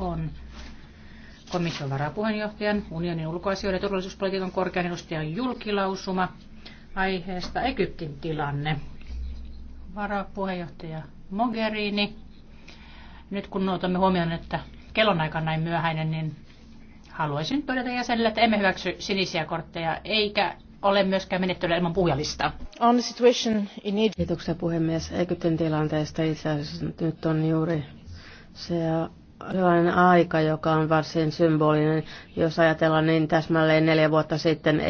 on komission varapuheenjohtajan, unionin ulkoasioiden ja turvallisuuspolitiikan korkean edustajan julkilausuma aiheesta Egyptin tilanne. Varapuheenjohtaja Mogherini. Nyt kun otamme huomioon, että kellonaika on näin myöhäinen, niin haluaisin todeta jäsenille, että emme hyväksy sinisiä kortteja eikä ole myöskään menettelyä ilman puhujalista. On the situation in Egypt. Kiitoksia puhemies. Egyptin tilanteesta itse asiassa nyt on juuri se sellainen aika, joka on varsin symbolinen. Jos ajatellaan niin täsmälleen neljä vuotta sitten,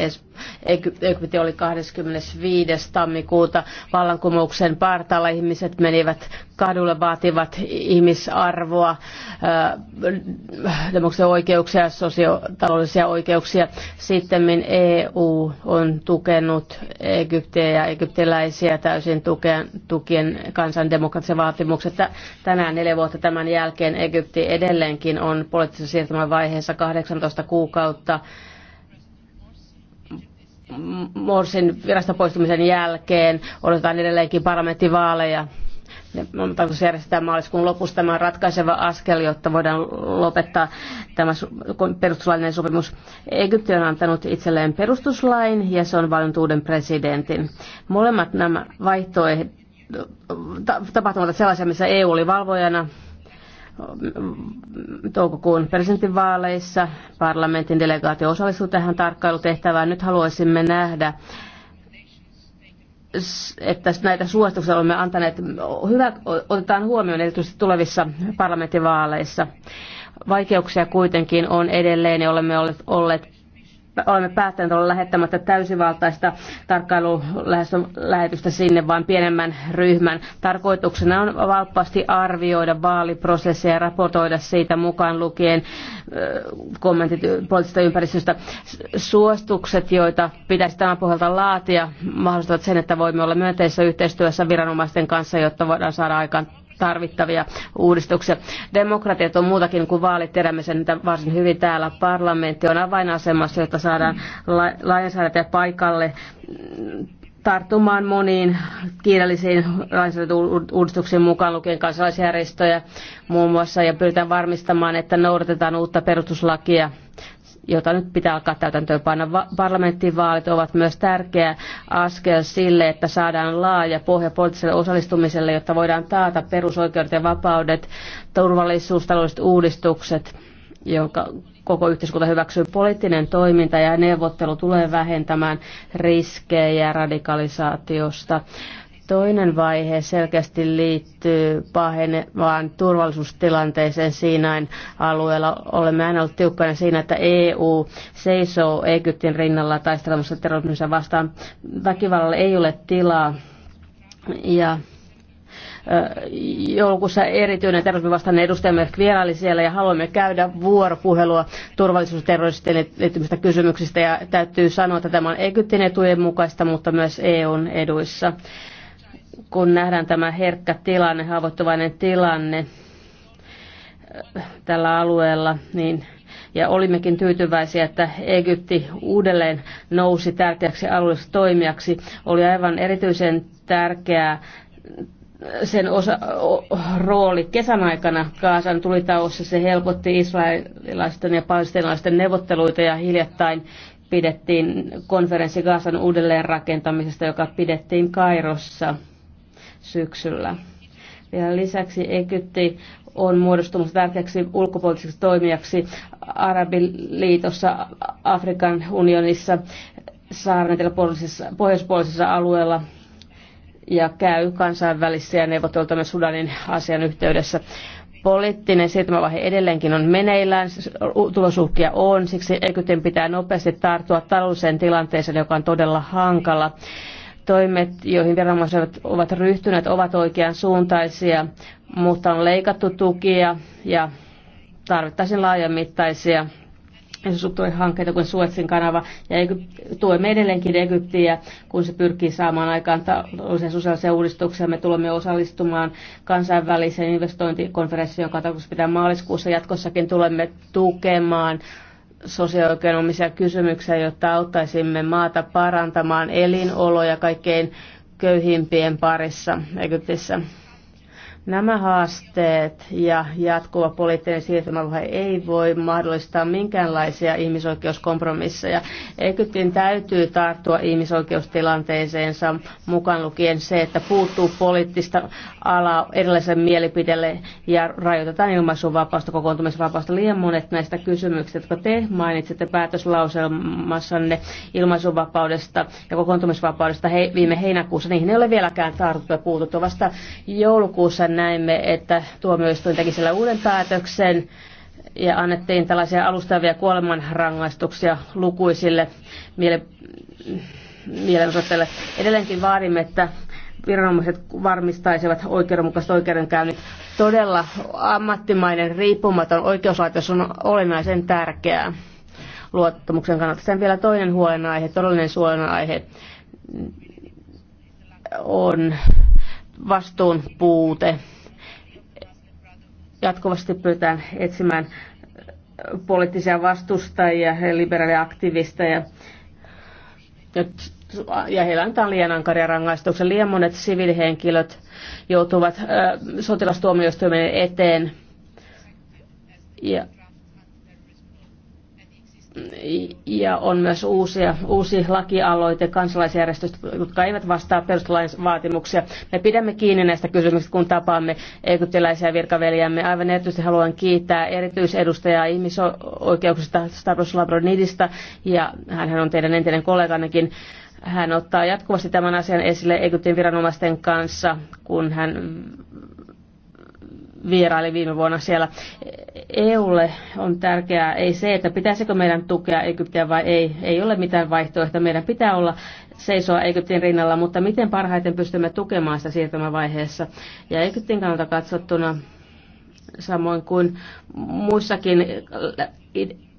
Egypti oli 25. tammikuuta vallankumouksen partaalla. Ihmiset menivät Kadulle vaativat ihmisarvoa, demokratian oikeuksia, sosiotaloudellisia oikeuksia. Sitten EU on tukenut Egyptiä ja egyptiläisiä täysin tukien, tukien kansandemokratian vaatimukset. Tänään neljä vuotta tämän jälkeen Egypti edelleenkin on poliittisen siirtymän vaiheessa 18 kuukautta Morsin virasta poistumisen jälkeen odotetaan edelleenkin parlamenttivaaleja on tarkoitus järjestää maaliskuun lopussa. Tämä on ratkaiseva askel, jotta voidaan lopettaa tämä perustuslainen sopimus. Egypti on antanut itselleen perustuslain ja se on valinnut uuden presidentin. Molemmat nämä vaihtoehdot tapahtumat sellaisia, missä EU oli valvojana toukokuun presidentinvaaleissa. Parlamentin delegaatio osallistui tähän tarkkailutehtävään. Nyt haluaisimme nähdä että näitä suosituksia olemme antaneet, hyvä, otetaan huomioon erityisesti tulevissa parlamenttivaaleissa. Vaikeuksia kuitenkin on edelleen ja olemme olleet olemme päättäneet olla lähettämättä täysivaltaista tarkkailulähetystä sinne, vaan pienemmän ryhmän. Tarkoituksena on valppaasti arvioida vaaliprosesseja ja raportoida siitä mukaan lukien kommentit poliittisesta ympäristöstä. Suostukset, joita pitäisi tämän pohjalta laatia, mahdollistavat sen, että voimme olla myönteisessä yhteistyössä viranomaisten kanssa, jotta voidaan saada aikaan tarvittavia uudistuksia. Demokratiat on muutakin kuin vaalit, tiedämme sen että varsin hyvin täällä. Parlamentti on avainasemassa, jotta saadaan lainsäädäntöä paikalle tarttumaan moniin kiireellisiin lainsäädäntöuudistuksiin mukaan lukien kansalaisjärjestöjä muun muassa ja pyritään varmistamaan, että noudatetaan uutta perustuslakia jota nyt pitää alkaa täytäntöönpanna. Parlamenttivaalit ovat myös tärkeä askel sille, että saadaan laaja pohja poliittiselle osallistumiselle, jotta voidaan taata perusoikeudet ja vapaudet, turvallisuus, taloudelliset uudistukset jonka koko yhteiskunta hyväksyy. Poliittinen toiminta ja neuvottelu tulee vähentämään riskejä radikalisaatiosta Toinen vaihe selkeästi liittyy pahenevaan turvallisuustilanteeseen Siinain alueella. Olemme aina olleet tiukkana siinä, että EU seisoo Egyptin rinnalla taistelemassa terrorismissa vastaan. Väkivallalle ei ole tilaa. Ja joulukuussa erityinen terrorismivastainen edustajamme vieraili siellä ja haluamme käydä vuoropuhelua turvallisuusterroristien liittymistä kysymyksistä ja täytyy sanoa, että tämä on Egyptin etujen mukaista, mutta myös EUn eduissa kun nähdään tämä herkkä tilanne, haavoittuvainen tilanne äh, tällä alueella, niin ja olimmekin tyytyväisiä, että Egypti uudelleen nousi tärkeäksi alueelliseksi toimijaksi. Oli aivan erityisen tärkeää äh, sen osa, o, rooli kesän aikana Kaasan tulitauossa Se helpotti israelilaisten ja palestinalaisten neuvotteluita ja hiljattain pidettiin konferenssi Kaasan uudelleenrakentamisesta, joka pidettiin Kairossa syksyllä. Vielä lisäksi Egypti on muodostumassa tärkeäksi ulkopoliittiseksi toimijaksi Arabiliitossa, Afrikan unionissa, saaren pohjoispuolisessa alueella ja käy kansainvälisiä neuvotteluita myös Sudanin asian yhteydessä. Poliittinen siirtymävaihe edelleenkin on meneillään, tulosuhkia on, siksi Egyptin pitää nopeasti tarttua taloudelliseen tilanteeseen, joka on todella hankala. Toimet, joihin viranomaiset ovat ryhtyneet, ovat oikean suuntaisia, mutta on leikattu tukia ja tarvittaisiin laajamittaisia hankkeita kuin Suetsin kanava. Ja tuemme edelleenkin Egyptiä, kun se pyrkii saamaan aikaan taloudellisia sosiaalisia uudistuksia. Me tulemme osallistumaan kansainväliseen investointikonferenssiin, joka tarkoitus pitää maaliskuussa. Jatkossakin tulemme tukemaan sosioekonomisia kysymyksiä, jotta auttaisimme maata parantamaan elinoloja kaikkein köyhimpien parissa Egyptissä. Nämä haasteet ja jatkuva poliittinen siirtymävaihe ei voi mahdollistaa minkäänlaisia ihmisoikeuskompromisseja. Egyptin täytyy tarttua ihmisoikeustilanteeseensa mukaan lukien se, että puuttuu poliittista alaa erilaisen mielipiteelle ja rajoitetaan ilmaisunvapaasta, kokoontumisvapaasta. Liian monet näistä kysymyksistä, jotka te mainitsitte päätöslauselmassanne ilmaisuvapaudesta ja kokoontumisvapaudesta he, viime heinäkuussa, niihin ei ole vieläkään tartuttu ja puututtu. Vasta joulukuussa näimme, että tuomioistuin teki siellä uuden päätöksen ja annettiin tällaisia alustavia kuolemanrangaistuksia lukuisille miele- mielenosoittajille. Edelleenkin vaadimme, että viranomaiset varmistaisivat oikeudenmukaiset oikeudenkäynnit. Todella ammattimainen, riippumaton oikeuslaitos on olennaisen tärkeää luottamuksen kannalta. Sen vielä toinen huolenaihe, todellinen huolenaihe on vastuun puute. Jatkuvasti pyritään etsimään poliittisia vastustajia ja liberaaliaktivisteja. Ja heillä antaa liian ankaria rangaistuksia. Liian monet siviilihenkilöt joutuvat äh, sotilastuomioistuimen eteen. Ja ja on myös uusia, uusi lakialoite kansalaisjärjestöistä, jotka eivät vastaa perustuslain vaatimuksia. Me pidämme kiinni näistä kysymyksistä, kun tapaamme egyptiläisiä virkaveljämme. Aivan erityisesti haluan kiittää erityisedustajaa ihmisoikeuksista Stavros Labronidista, ja hän on teidän entinen kollegannekin. Hän ottaa jatkuvasti tämän asian esille Egyptin viranomaisten kanssa, kun hän vieraili viime vuonna siellä. EUlle on tärkeää ei se, että pitäisikö meidän tukea Egyptiä vai ei. Ei ole mitään vaihtoehtoa. Meidän pitää olla seisoa Egyptin rinnalla, mutta miten parhaiten pystymme tukemaan sitä siirtymävaiheessa. Ja Egyptin kannalta katsottuna, samoin kuin muissakin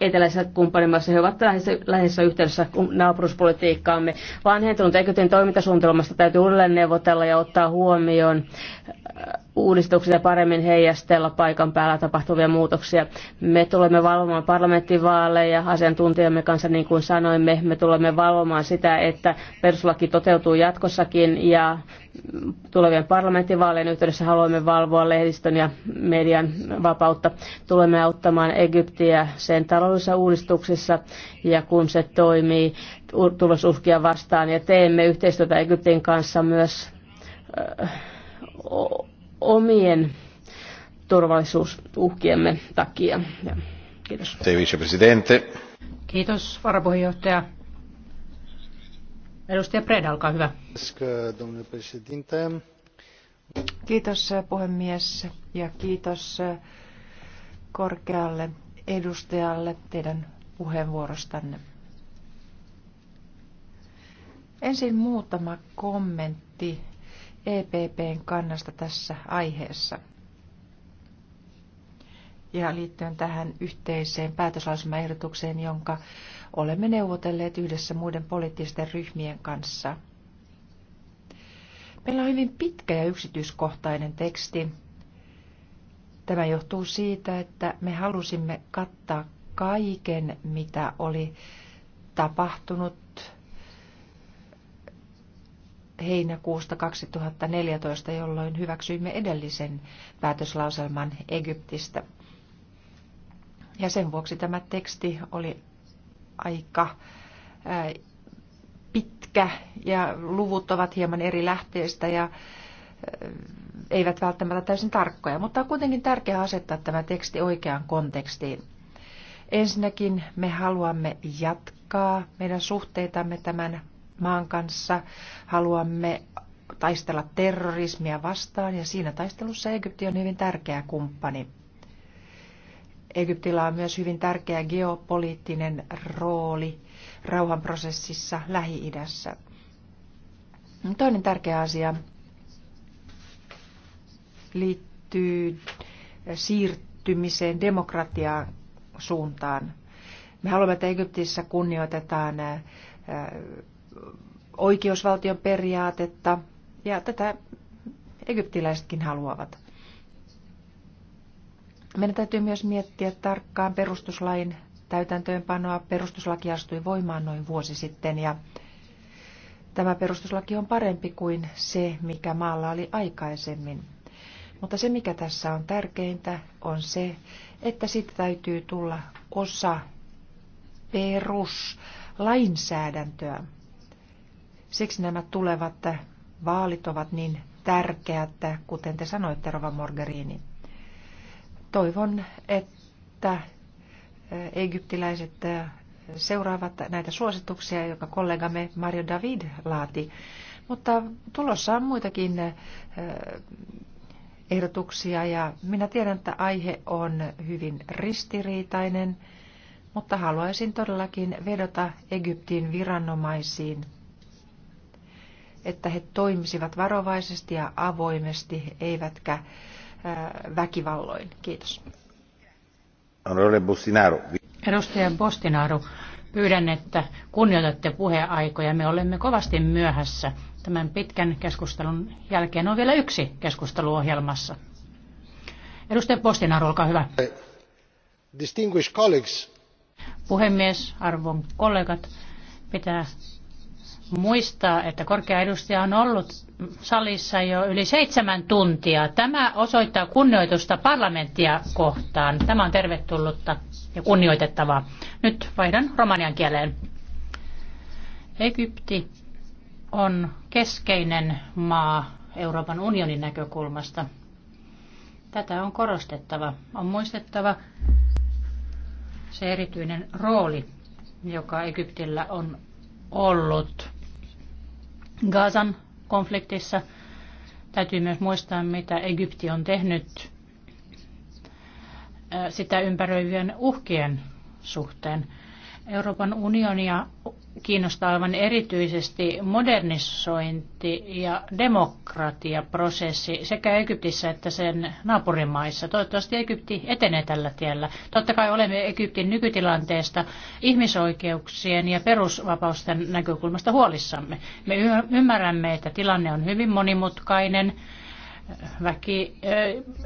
eteläisessä kumppanimaissa, he ovat läheisessä, läheisessä yhteydessä naapuruspolitiikkaamme. Vanhentunut Egyptin toimintasuunnitelmasta täytyy uudelleen neuvotella ja ottaa huomioon uudistuksia paremmin heijastella paikan päällä tapahtuvia muutoksia. Me tulemme valvomaan parlamenttivaaleja asiantuntijamme kanssa, niin kuin sanoimme. Me tulemme valvomaan sitä, että peruslaki toteutuu jatkossakin ja tulevien parlamenttivaalien yhteydessä haluamme valvoa lehdistön ja median vapautta. Tulemme auttamaan Egyptiä sen taloudellisissa uudistuksissa ja kun se toimii tulosuhkia vastaan ja teemme yhteistyötä Egyptin kanssa myös omien turvallisuusuhkiemme takia. Ja, kiitos. Vicepresidente. Kiitos, varapuheenjohtaja. Edustaja Preda, olkaa hyvä. Kiitos puhemies ja kiitos korkealle edustajalle teidän puheenvuorostanne. Ensin muutama kommentti EPPn kannasta tässä aiheessa. Ja liittyen tähän yhteiseen päätöslausumaehdotukseen, jonka olemme neuvotelleet yhdessä muiden poliittisten ryhmien kanssa. Meillä on hyvin pitkä ja yksityiskohtainen teksti. Tämä johtuu siitä, että me halusimme kattaa kaiken, mitä oli tapahtunut heinäkuusta 2014, jolloin hyväksyimme edellisen päätöslauselman Egyptistä. Ja sen vuoksi tämä teksti oli aika äh, pitkä ja luvut ovat hieman eri lähteistä ja äh, eivät välttämättä täysin tarkkoja, mutta on kuitenkin tärkeää asettaa tämä teksti oikeaan kontekstiin. Ensinnäkin me haluamme jatkaa meidän suhteitamme tämän maan kanssa. Haluamme taistella terrorismia vastaan ja siinä taistelussa Egypti on hyvin tärkeä kumppani. Egyptillä on myös hyvin tärkeä geopoliittinen rooli rauhanprosessissa Lähi-idässä. Toinen tärkeä asia liittyy siirtymiseen demokratiaan suuntaan. Me haluamme, että Egyptissä kunnioitetaan äh, oikeusvaltion periaatetta ja tätä egyptiläisetkin haluavat. Meidän täytyy myös miettiä tarkkaan perustuslain täytäntöönpanoa. Perustuslaki astui voimaan noin vuosi sitten ja tämä perustuslaki on parempi kuin se, mikä maalla oli aikaisemmin. Mutta se, mikä tässä on tärkeintä, on se, että siitä täytyy tulla osa peruslainsäädäntöä. Siksi nämä tulevat vaalit ovat niin tärkeät, kuten te sanoitte, Rova Morgerini. Toivon, että egyptiläiset seuraavat näitä suosituksia, joka kollegamme Mario David laati. Mutta tulossa on muitakin ehdotuksia ja minä tiedän, että aihe on hyvin ristiriitainen, mutta haluaisin todellakin vedota Egyptin viranomaisiin että he toimisivat varovaisesti ja avoimesti, eivätkä väkivalloin. Kiitos. Edustaja Bostinaru, pyydän, että kunnioitatte puheaikoja. Me olemme kovasti myöhässä. Tämän pitkän keskustelun jälkeen on vielä yksi keskustelu ohjelmassa. Edustaja Bostinaru, olkaa hyvä. Distinguished colleagues. Puhemies, arvon kollegat, pitää muistaa, että korkea edustaja on ollut salissa jo yli seitsemän tuntia. Tämä osoittaa kunnioitusta parlamenttia kohtaan. Tämä on tervetullutta ja kunnioitettavaa. Nyt vaihdan romanian kieleen. Egypti on keskeinen maa Euroopan unionin näkökulmasta. Tätä on korostettava. On muistettava se erityinen rooli, joka Egyptillä on ollut Gaasan konfliktissa. Täytyy myös muistaa, mitä Egypti on tehnyt sitä ympäröivien uhkien suhteen. Euroopan unionia kiinnostaa aivan erityisesti modernisointi ja demokratiaprosessi sekä Egyptissä että sen naapurimaissa. Toivottavasti Egypti etenee tällä tiellä. Totta kai olemme Egyptin nykytilanteesta ihmisoikeuksien ja perusvapausten näkökulmasta huolissamme. Me ymmärrämme, että tilanne on hyvin monimutkainen. Väki,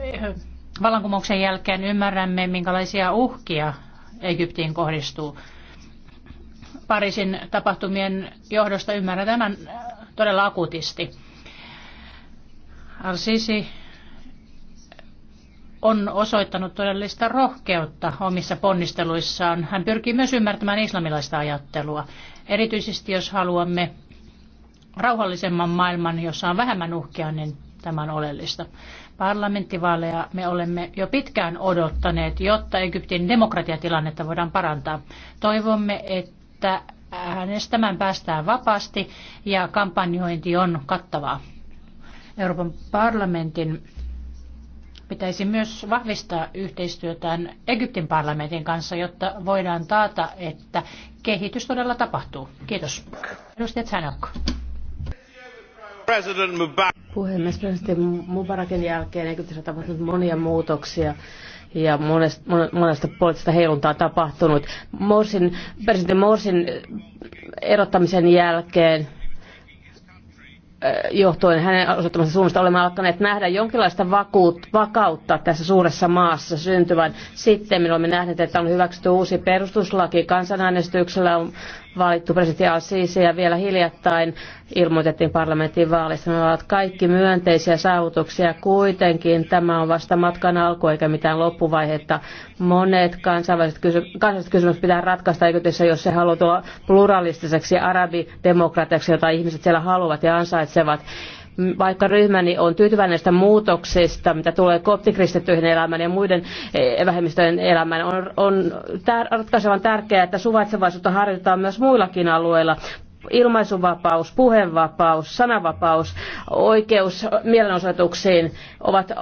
äh, vallankumouksen jälkeen ymmärrämme, minkälaisia uhkia Egyptiin kohdistuu. Pariisin tapahtumien johdosta ymmärrän tämän äh, todella akuutisti. Al-Sisi on osoittanut todellista rohkeutta omissa ponnisteluissaan. Hän pyrkii myös ymmärtämään islamilaista ajattelua, erityisesti jos haluamme rauhallisemman maailman, jossa on vähemmän uhkia, niin tämä on oleellista. Parlamenttivaaleja me olemme jo pitkään odottaneet, jotta Egyptin demokratiatilannetta voidaan parantaa. Toivomme, että että äänestämään päästään vapaasti ja kampanjointi on kattavaa. Euroopan parlamentin pitäisi myös vahvistaa yhteistyötään Egyptin parlamentin kanssa, jotta voidaan taata, että kehitys todella tapahtuu. Kiitos. Edustaja Tsanok. Puhemies, presidentti Mubarakin jälkeen Egyptissä on tapahtunut monia muutoksia ja monesta, monesta poliittista heiluntaa tapahtunut. Morsin, presidentti Morsin erottamisen jälkeen äh, johtuen hänen osoittamansa suunnasta olemme alkaneet nähdä jonkinlaista vakuut, vakautta tässä suuressa maassa syntyvän. Sitten me olemme nähneet, että on hyväksytty uusi perustuslaki kansanäänestyksellä, on valittu presidentti Al-Sisi ja vielä hiljattain ilmoitettiin parlamentin vaaleissa. Ne ovat kaikki myönteisiä saavutuksia. Kuitenkin tämä on vasta matkan alku eikä mitään loppuvaihetta. Monet kansainväliset, kysy- kansainväliset kysymykset pitää ratkaista Egyptissä, jos se haluaa tulla pluralistiseksi arabidemokratiaksi, jota ihmiset siellä haluavat ja ansaitsevat. Vaikka ryhmäni on tyytyväinen näistä muutoksista, mitä tulee koptikristittyihin elämään ja muiden e, vähemmistöjen elämään, on, on tär, ratkaisevan tärkeää, että suvaitsevaisuutta harjoitetaan myös muillakin alueilla ilmaisuvapaus, puheenvapaus, sananvapaus, oikeus mielenosoituksiin ovat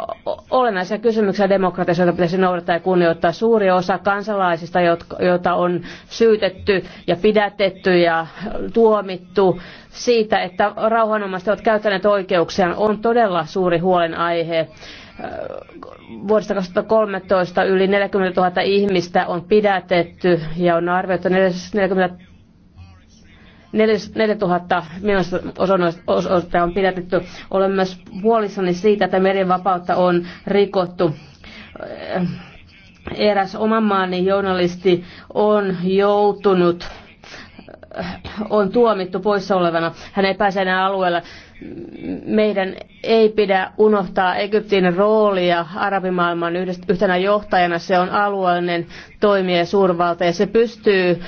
olennaisia kysymyksiä demokratiassa, joita pitäisi noudattaa ja kunnioittaa. Suuri osa kansalaisista, joita on syytetty ja pidätetty ja tuomittu siitä, että rauhanomaiset ovat käyttäneet oikeuksiaan, on todella suuri huolenaihe vuodesta 2013 yli 40 000 ihmistä on pidätetty ja on arvioitu 40 4000 mielenosoittajaa on pidätetty. Olen myös huolissani siitä, että vapautta on rikottu. Eräs oman maani journalisti on joutunut on tuomittu poissa olevana. Hän ei pääse enää alueella. Meidän ei pidä unohtaa Egyptin roolia arabimaailman yhtenä johtajana. Se on alueellinen toimia suurvalta ja se pystyy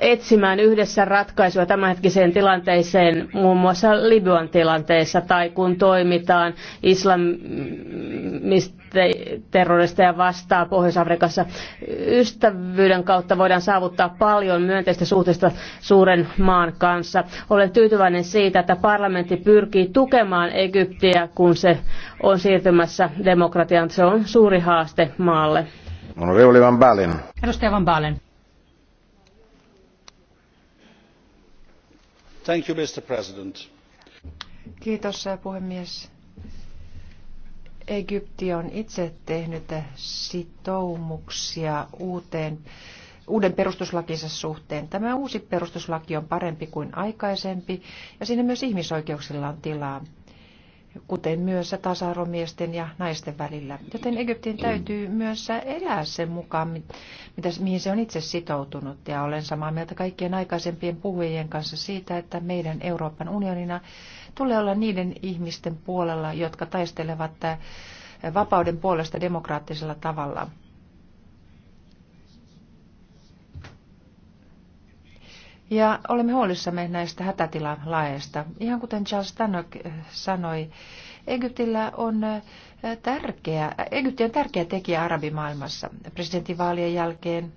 etsimään yhdessä ratkaisua tämänhetkiseen tilanteeseen, muun muassa Libyan tilanteessa tai kun toimitaan islamistiterroristeja vastaan Pohjois-Afrikassa. Ystävyyden kautta voidaan saavuttaa paljon myönteistä suhteista suuren maan kanssa. Olen tyytyväinen siitä, että parlamentti pyrkii tukemaan Egyptiä, kun se on siirtymässä demokratiaan. Se on suuri haaste maalle. Onorevole Van Balen. Edustaja Van Balen. Thank you, Mr. President. Kiitos puhemies. Egypti on itse tehnyt sitoumuksia uuteen, uuden perustuslakinsa suhteen. Tämä uusi perustuslaki on parempi kuin aikaisempi ja siinä myös ihmisoikeuksilla on tilaa kuten myös tasa-arvomiesten ja naisten välillä. Joten Egyptin täytyy myös elää sen mukaan, mitä, mihin se on itse sitoutunut. Ja olen samaa mieltä kaikkien aikaisempien puhujien kanssa siitä, että meidän Euroopan unionina tulee olla niiden ihmisten puolella, jotka taistelevat eh, vapauden puolesta demokraattisella tavalla. Ja olemme huolissamme näistä hätätilalaeista. Ihan kuten Charles Tannock eh, sanoi, Egyptillä on eh, tärkeä, Egypti on tärkeä tekijä arabimaailmassa. Presidentinvaalien jälkeen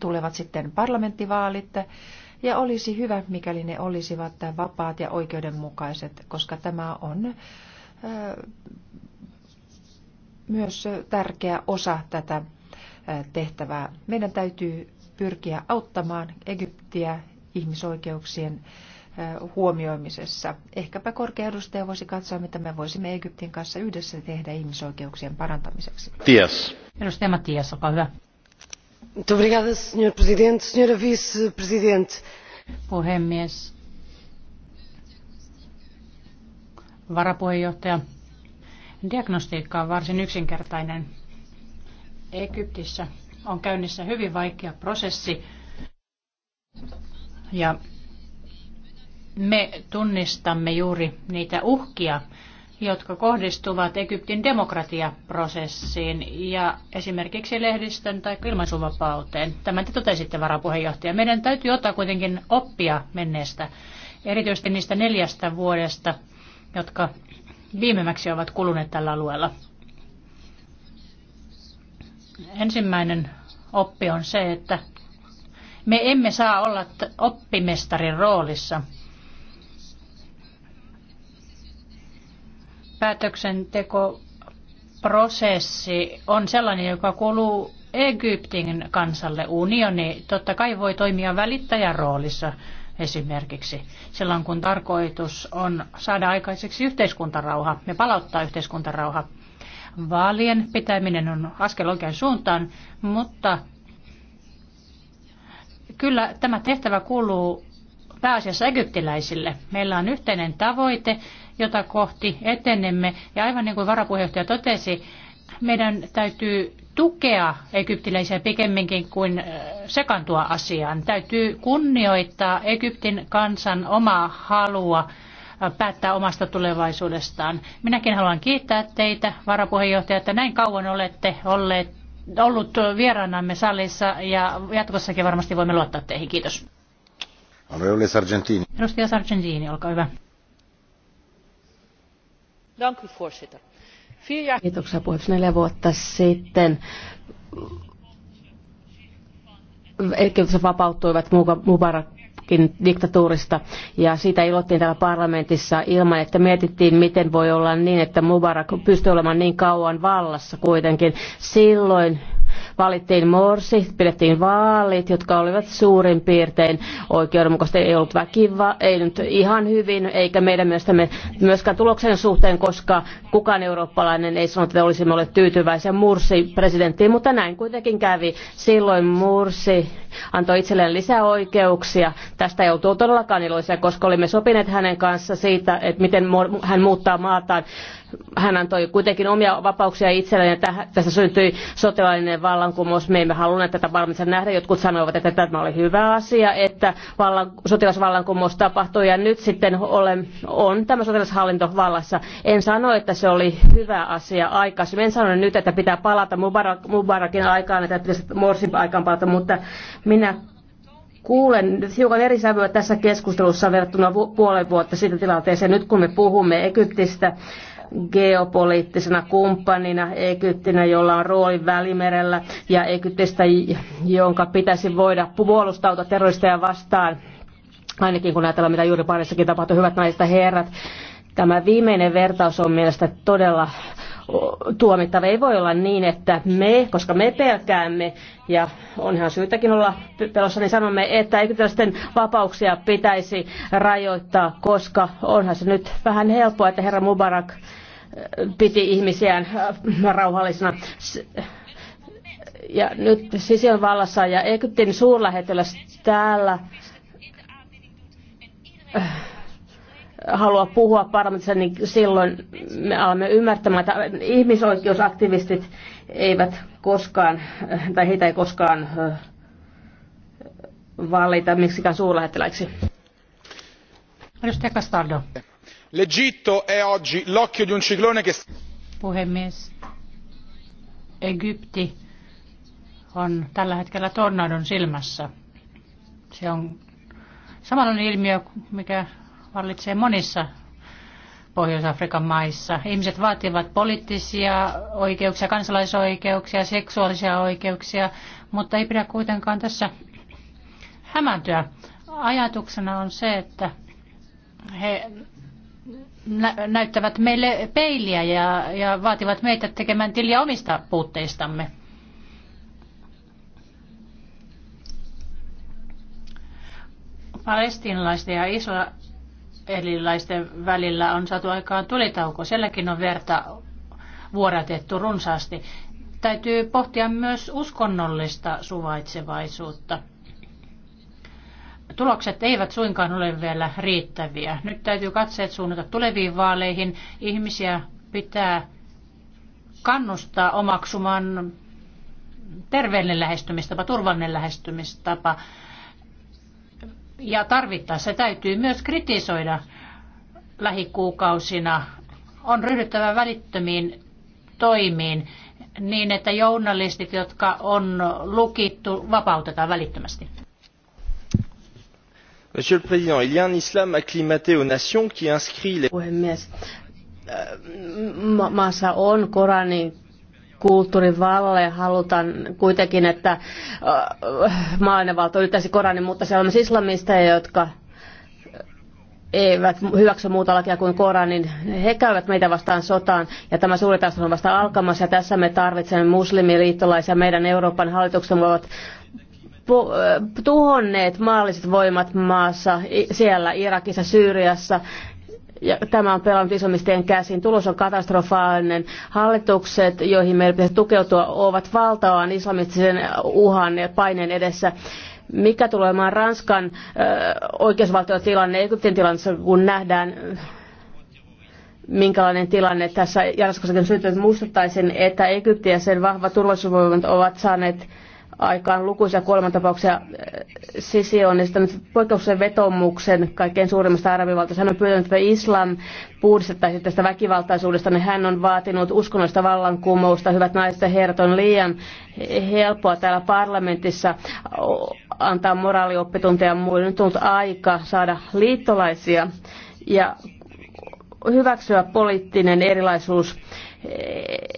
tulevat sitten parlamenttivaalit, ja olisi hyvä, mikäli ne olisivat vapaat ja oikeudenmukaiset, koska tämä on eh, myös tärkeä osa tätä tehtävää. Meidän täytyy pyrkiä auttamaan Egyptiä ihmisoikeuksien huomioimisessa. Ehkäpä korkea edustaja voisi katsoa, mitä me voisimme Egyptin kanssa yhdessä tehdä ihmisoikeuksien parantamiseksi. Ties. Edustaja Matias, olkaa hyvä. Obrigada, senhor presidente. Senhora vice-presidente. Puhemies. Varapuheenjohtaja. Diagnostiikka on varsin yksinkertainen Egyptissä on käynnissä hyvin vaikea prosessi ja me tunnistamme juuri niitä uhkia, jotka kohdistuvat Egyptin demokratiaprosessiin ja esimerkiksi lehdistön tai ilmaisuvapauteen. Tämä te totesitte, varapuheenjohtaja. Meidän täytyy ottaa kuitenkin oppia menneestä, erityisesti niistä neljästä vuodesta, jotka viimemmäksi ovat kuluneet tällä alueella. Ensimmäinen oppi on se, että me emme saa olla oppimestarin roolissa. Päätöksentekoprosessi on sellainen, joka kuuluu Egyptin kansalle. Unioni totta kai voi toimia välittäjän roolissa esimerkiksi silloin, kun tarkoitus on saada aikaiseksi yhteiskuntarauha ja palauttaa yhteiskuntarauha. Vaalien pitäminen on askel oikeaan suuntaan, mutta kyllä tämä tehtävä kuuluu pääasiassa egyptiläisille. Meillä on yhteinen tavoite, jota kohti etenemme. Ja aivan niin kuin varapuheenjohtaja totesi, meidän täytyy tukea egyptiläisiä pikemminkin kuin sekantua asiaan. Täytyy kunnioittaa Egyptin kansan omaa halua päättää omasta tulevaisuudestaan. Minäkin haluan kiittää teitä, varapuheenjohtaja, että näin kauan olette olleet, ollut vieraanamme salissa ja jatkossakin varmasti voimme luottaa teihin. Kiitos. Onorevole Sargentini. Edustaja Sargentini, olkaa hyvä. voorzitter. Kiitoksia puheenjohtaja. Neljä vuotta sitten Egyptissä vapauttuivat Mubarak Irakin diktatuurista. Ja siitä ilottiin täällä parlamentissa ilman, että mietittiin, miten voi olla niin, että Mubarak pystyy olemaan niin kauan vallassa kuitenkin. Silloin valittiin Morsi, pidettiin vaalit, jotka olivat suurin piirtein oikeudenmukaisesti. Ei ollut väkiva, ei nyt ihan hyvin, eikä meidän mielestämme myöskään tuloksen suhteen, koska kukaan eurooppalainen ei sanonut, että olisimme olleet tyytyväisiä Mursi presidenttiin, mutta näin kuitenkin kävi. Silloin Mursi antoi itselleen lisää oikeuksia. Tästä ei oltu todellakaan iloisia, koska olimme sopineet hänen kanssa siitä, että miten hän muuttaa maataan hän antoi kuitenkin omia vapauksia itselleen ja tässä syntyi sotilaallinen vallankumous. Me emme halunneet tätä valmiita nähdä. Jotkut sanoivat, että tämä oli hyvä asia, että vallan, sotilasvallankumous tapahtui ja nyt sitten olen, on tämä sotilashallinto vallassa. En sano, että se oli hyvä asia aikaisemmin. En sano nyt, että pitää palata Mubarak, Mubarakin aikaan, että pitäisi Morsin aikaan palata, mutta minä kuulen hiukan eri sävyä tässä keskustelussa verrattuna puolen vuotta siitä tilanteeseen. Nyt kun me puhumme Egyptistä, geopoliittisena kumppanina Egyptinä, jolla on rooli välimerellä ja Egyptistä, jonka pitäisi voida puolustautua terroristeja vastaan. Ainakin kun ajatellaan, mitä juuri parissakin tapahtui, hyvät naiset ja herrat. Tämä viimeinen vertaus on mielestäni todella tuomittava. Ei voi olla niin, että me, koska me pelkäämme, ja onhan syytäkin olla pelossa, niin sanomme, että eikö tällaisten vapauksia pitäisi rajoittaa, koska onhan se nyt vähän helppoa, että herra Mubarak äh, piti ihmisiään äh, rauhallisena ja nyt Sisi on vallassa ja Egyptin suurlähettiläs täällä äh, halua puhua parlamentissa, niin silloin me alamme ymmärtämään, että ihmisoikeusaktivistit eivät koskaan, tai heitä ei koskaan valita miksikään suurlähettiläiksi. Edustaja Castardo. L'Egitto è oggi l'occhio di un ciclone che... Puhemies, Egypti on tällä hetkellä tornadon silmässä. Se on samanlainen ilmiö, mikä vallitsee monissa Pohjois-Afrikan maissa. Ihmiset vaativat poliittisia oikeuksia, kansalaisoikeuksia, seksuaalisia oikeuksia, mutta ei pidä kuitenkaan tässä hämätyä. Ajatuksena on se, että he näyttävät meille peiliä ja, ja vaativat meitä tekemään tiliä omista puutteistamme. Palestinalaisten ja isla, erilaisten välillä on saatu aikaan tulitauko. Sielläkin on verta vuodatettu runsaasti. Täytyy pohtia myös uskonnollista suvaitsevaisuutta. Tulokset eivät suinkaan ole vielä riittäviä. Nyt täytyy katseet suunnata tuleviin vaaleihin. Ihmisiä pitää kannustaa omaksumaan terveellinen lähestymistapa, turvallinen lähestymistapa ja tarvittaessa täytyy myös kritisoida lähikuukausina. On ryhdyttävä välittömiin toimiin niin, että journalistit, jotka on lukittu, vapautetaan välittömästi. Monsieur le Président, il y a un islam acclimaté aux nations qui inscrit les... Puhemies, äh, Ma- maassa on Koranin ja halutaan kuitenkin, että äh, maailmanvalta ylittäisi Koranin, mutta siellä on myös islamisteja, jotka eivät hyväksy muuta lakia kuin Koranin. He käyvät meitä vastaan sotaan ja tämä suuri taistelu on vasta alkamassa ja tässä me tarvitsemme muslimiliittolaisia. Meidän Euroopan hallituksen ovat äh, tuhonneet maalliset voimat maassa, siellä Irakissa, Syyriassa ja tämä on pelannut islamistien käsiin. Tulos on katastrofaalinen. Hallitukset, joihin meidän pitäisi tukeutua, ovat valtavan islamistisen uhan ja paineen edessä mikä tulee olemaan Ranskan äh, oikeusvaltiotilanne Egyptin tilanteessa, kun nähdään minkälainen tilanne tässä Janskossakin syntyy. Muistuttaisin, että Egypti ja sen vahva turvallisuusvoimat ovat saaneet aikaan lukuisia kuolemantapauksia Sisi on esittänyt poikkeuksen vetomuksen kaikkein suurimmasta arabivaltaista. Hän on pyytänyt, että islam puhdistettaisiin tästä väkivaltaisuudesta, niin hän on vaatinut uskonnollista vallankumousta. Hyvät naiset ja herrat, on liian helppoa täällä parlamentissa antaa moraalioppitunteja muille. Nyt on aika saada liittolaisia ja hyväksyä poliittinen erilaisuus.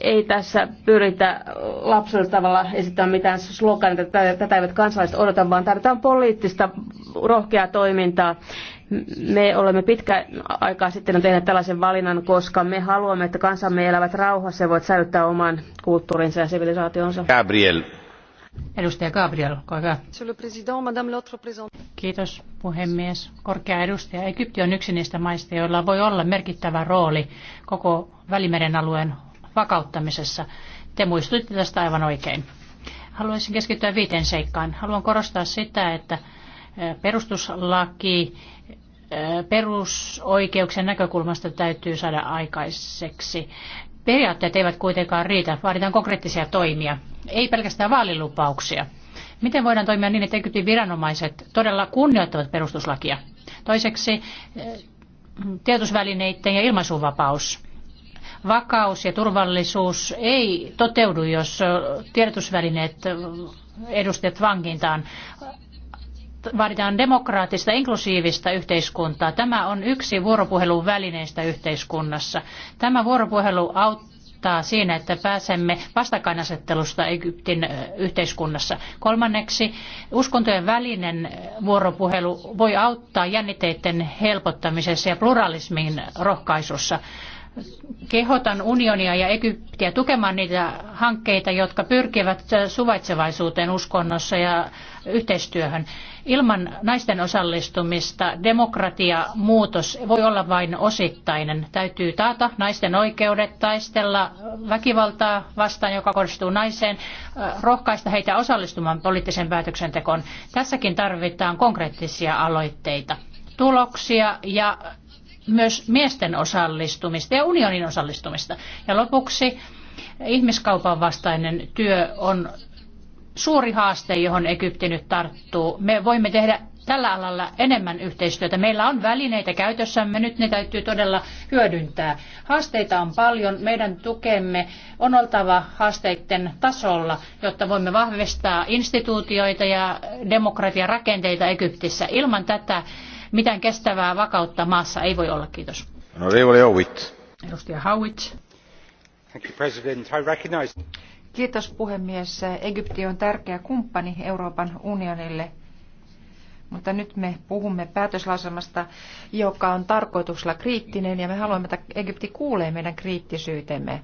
Ei tässä pyritä lapsella tavalla esittämään mitään sloganeita, tätä eivät kansalaiset odota, vaan tarvitaan poliittista rohkeaa toimintaa. Me olemme pitkä aikaa sitten tehneet tällaisen valinnan, koska me haluamme, että kansamme elävät rauhassa ja voivat säilyttää oman kulttuurinsa ja sivilisaationsa. Gabriel. Edustaja Gabriel, olkaa hyvä. Kiitos puhemies. Korkea edustaja. Egypti on yksi niistä maista, joilla voi olla merkittävä rooli koko Välimeren alueen vakauttamisessa. Te muistutitte tästä aivan oikein. Haluaisin keskittyä viiteen seikkaan. Haluan korostaa sitä, että perustuslaki perusoikeuksien näkökulmasta täytyy saada aikaiseksi. Periaatteet eivät kuitenkaan riitä, vaaditaan konkreettisia toimia ei pelkästään vaalilupauksia. Miten voidaan toimia niin, että Egyptin viranomaiset todella kunnioittavat perustuslakia? Toiseksi eh, tietosvälineiden ja ilmaisuvapaus. Vakaus ja turvallisuus ei toteudu, jos eh, tiedotusvälineet eh, edustajat vankintaan. Vaaditaan demokraattista, inklusiivista yhteiskuntaa. Tämä on yksi vuoropuhelun välineistä yhteiskunnassa. Tämä vuoropuhelu auttaa auttaa siinä, että pääsemme vastakkainasettelusta Egyptin yhteiskunnassa. Kolmanneksi, uskontojen välinen vuoropuhelu voi auttaa jännitteiden helpottamisessa ja pluralismin rohkaisussa. Kehotan unionia ja Egyptiä tukemaan niitä hankkeita, jotka pyrkivät suvaitsevaisuuteen uskonnossa ja yhteistyöhön. Ilman naisten osallistumista demokratiamuutos voi olla vain osittainen. Täytyy taata naisten oikeudet, taistella väkivaltaa vastaan, joka kohdistuu naiseen, äh, rohkaista heitä osallistumaan poliittiseen päätöksentekoon. Tässäkin tarvitaan konkreettisia aloitteita, tuloksia ja myös miesten osallistumista ja unionin osallistumista. Ja lopuksi ihmiskaupan vastainen työ on suuri haaste, johon Egypti nyt tarttuu. Me voimme tehdä tällä alalla enemmän yhteistyötä. Meillä on välineitä käytössämme, nyt ne täytyy todella hyödyntää. Haasteita on paljon, meidän tukemme on oltava haasteiden tasolla, jotta voimme vahvistaa instituutioita ja demokratiarakenteita Egyptissä. Ilman tätä mitään kestävää vakautta maassa ei voi olla. Kiitos. Edustaja Thank you, President. I recognize... Kiitos puhemies. Egypti on tärkeä kumppani Euroopan unionille, mutta nyt me puhumme päätöslauselmasta, joka on tarkoituksella kriittinen ja me haluamme, että Egypti kuulee meidän kriittisyytemme.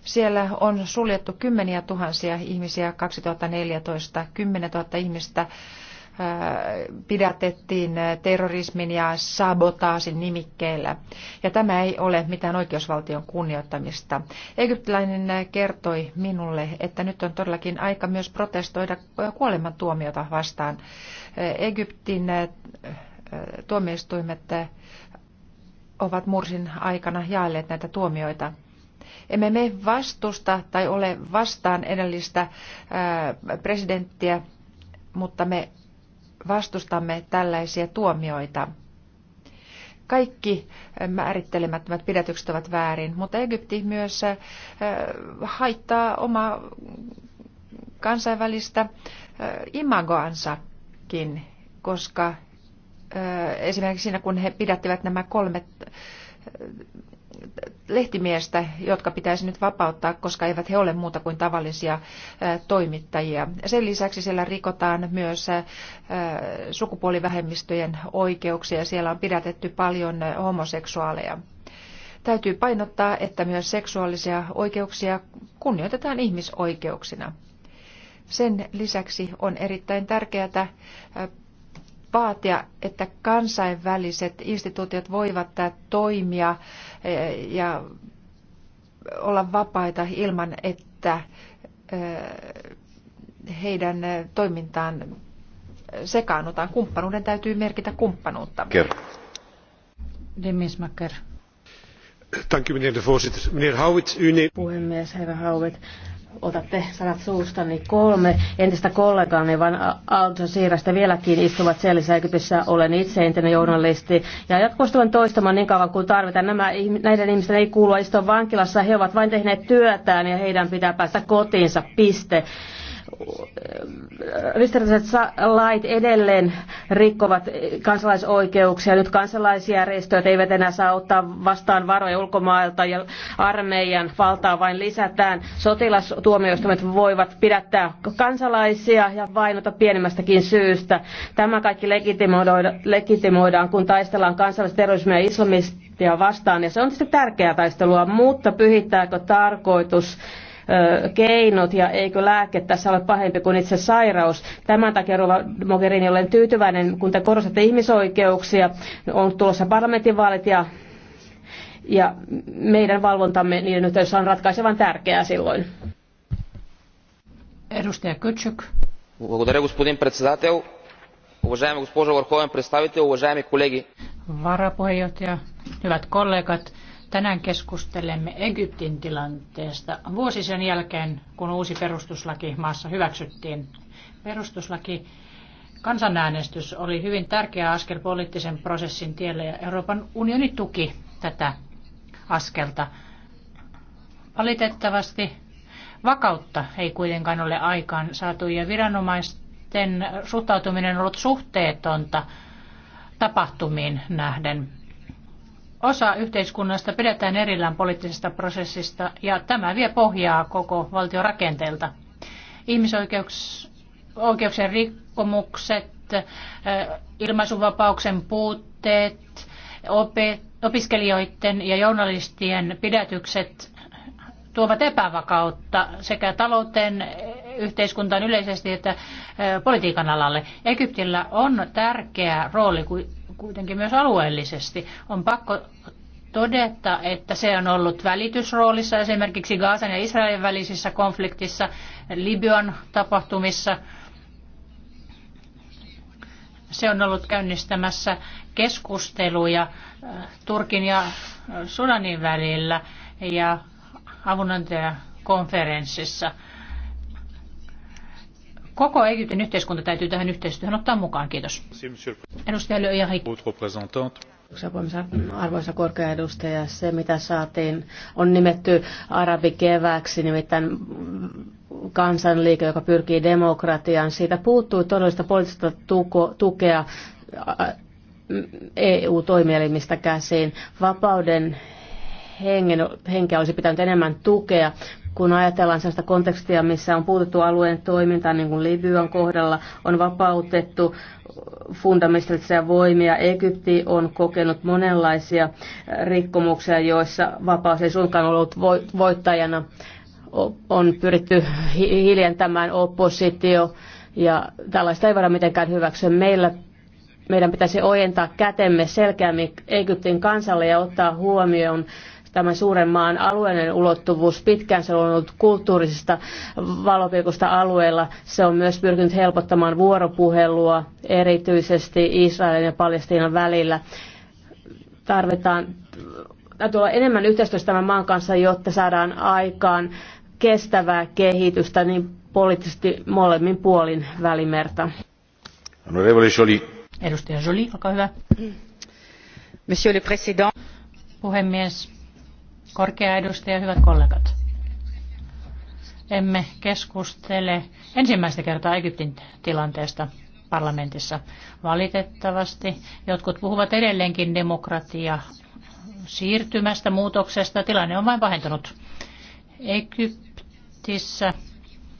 Siellä on suljettu kymmeniä tuhansia ihmisiä 2014, 10 000 ihmistä pidätettiin terrorismin ja sabotaasin nimikkeellä. Ja tämä ei ole mitään oikeusvaltion kunnioittamista. Egyptiläinen kertoi minulle, että nyt on todellakin aika myös protestoida kuolemantuomiota vastaan. Egyptin äh, tuomioistuimet ovat mursin aikana jaelleet näitä tuomioita. Emme me vastusta tai ole vastaan edellistä äh, presidenttiä, mutta me vastustamme tällaisia tuomioita. Kaikki määrittelemättömät pidätykset ovat väärin, mutta Egypti myös äh, haittaa omaa kansainvälistä äh, imagoansakin, koska äh, esimerkiksi siinä kun he pidättivät nämä kolme lehtimiestä, jotka pitäisi nyt vapauttaa, koska eivät he ole muuta kuin tavallisia toimittajia. Sen lisäksi siellä rikotaan myös sukupuolivähemmistöjen oikeuksia. Siellä on pidätetty paljon homoseksuaaleja. Täytyy painottaa, että myös seksuaalisia oikeuksia kunnioitetaan ihmisoikeuksina. Sen lisäksi on erittäin tärkeää vaatia, että kansainväliset instituutiot voivat toimia eh, ja olla vapaita ilman, että eh, heidän toimintaan sekaannutaan. Kumppanuuden täytyy merkitä kumppanuutta. Kerro. Dank u meneer de voorzitter. Meneer Howitt, u neemt... Puhemies, herra Howitt otatte sanat suusta niin kolme entistä niin vaan Aalto Siirasta vieläkin istuvat siellä Egyptissä. Olen itse entinen journalisti ja jatkuvasti olen toistamaan niin kauan kuin tarvitaan. Nämä, näiden ihmisten ei kuulu istua vankilassa, he ovat vain tehneet työtään ja heidän pitää päästä kotiinsa, piste ristiriitaiset lait edelleen rikkovat kansalaisoikeuksia. Nyt kansalaisjärjestöt eivät enää saa ottaa vastaan varoja ulkomailta ja armeijan valtaa vain lisätään. Sotilastuomioistuimet voivat pidättää kansalaisia ja vainota pienimmästäkin syystä. Tämä kaikki legitimoidaan, kun taistellaan kansallista ja islamistia vastaan. Ja se on tietysti tärkeää taistelua, mutta pyhittääkö tarkoitus keinot ja eikö lääke tässä ole pahempi kuin itse sairaus. Tämän takia Rova Mogherini olen tyytyväinen, kun te korostatte ihmisoikeuksia. On tulossa parlamentinvaalit ja ja meidän valvontamme niiden yhteydessä on ratkaisevan tärkeää silloin. Edustaja Kytsyk. Благодаря, господин председател. Уважаема госпожо върховен представител, уважаеми колеги. Varapuheenjohtaja, hyvät kollegat. Tänään keskustelemme Egyptin tilanteesta vuosi sen jälkeen, kun uusi perustuslaki maassa hyväksyttiin. Perustuslaki kansanäänestys oli hyvin tärkeä askel poliittisen prosessin tielle ja Euroopan unioni tuki tätä askelta. Valitettavasti vakautta ei kuitenkaan ole aikaan saatu ja viranomaisten suhtautuminen on ollut suhteetonta tapahtumiin nähden osa yhteiskunnasta pidetään erillään poliittisesta prosessista ja tämä vie pohjaa koko valtiorakenteelta. rakenteelta. Ihmisoikeuksien rikkomukset, ilmaisuvapauksen puutteet, opiskelijoiden ja journalistien pidätykset tuovat epävakautta sekä talouteen, yhteiskuntaan yleisesti että politiikan alalle. Egyptillä on tärkeä rooli kuitenkin myös alueellisesti. On pakko todeta, että se on ollut välitysroolissa esimerkiksi Gaasan ja Israelin välisissä konfliktissa, Libyan tapahtumissa. Se on ollut käynnistämässä keskusteluja äh, Turkin ja äh, Sudanin välillä ja avunantajakonferenssissa konferenssissa koko Egyptin yhteiskunta täytyy tähän yhteistyöhön ottaa mukaan. Kiitos. Edustaja Löijäri. Arvoisa korkea edustaja, se mitä saatiin on nimetty arabikeväksi, nimittäin kansanliike, joka pyrkii demokratiaan. Siitä puuttuu todellista poliittista tukea EU-toimielimistä käsiin. Vapauden hengen, henkeä olisi pitänyt enemmän tukea, kun ajatellaan sellaista kontekstia, missä on puututtu alueen toimintaan, niin kuin Libyan kohdalla on vapautettu fundamentalisia voimia. Egypti on kokenut monenlaisia rikkomuksia, joissa vapaus ei suinkaan ollut voittajana. On pyritty hiljentämään oppositio ja tällaista ei voida mitenkään hyväksyä. Meillä meidän pitäisi ojentaa kätemme selkeämmin Egyptin kansalle ja ottaa huomioon tämän suuren maan alueellinen ulottuvuus. Pitkään se on ollut kulttuurisista valopilkusta alueella. Se on myös pyrkinyt helpottamaan vuoropuhelua erityisesti Israelin ja Palestiinan välillä. Tarvitaan täytyy olla enemmän yhteistyössä tämän maan kanssa, jotta saadaan aikaan kestävää kehitystä niin poliittisesti molemmin puolin välimerta. Edustaja Jolie, olkaa hyvä. Monsieur le Président. Puhemies, korkea edustaja, hyvät kollegat. Emme keskustele ensimmäistä kertaa Egyptin tilanteesta parlamentissa. Valitettavasti jotkut puhuvat edelleenkin demokratia siirtymästä, muutoksesta. Tilanne on vain pahentunut. Egyptissä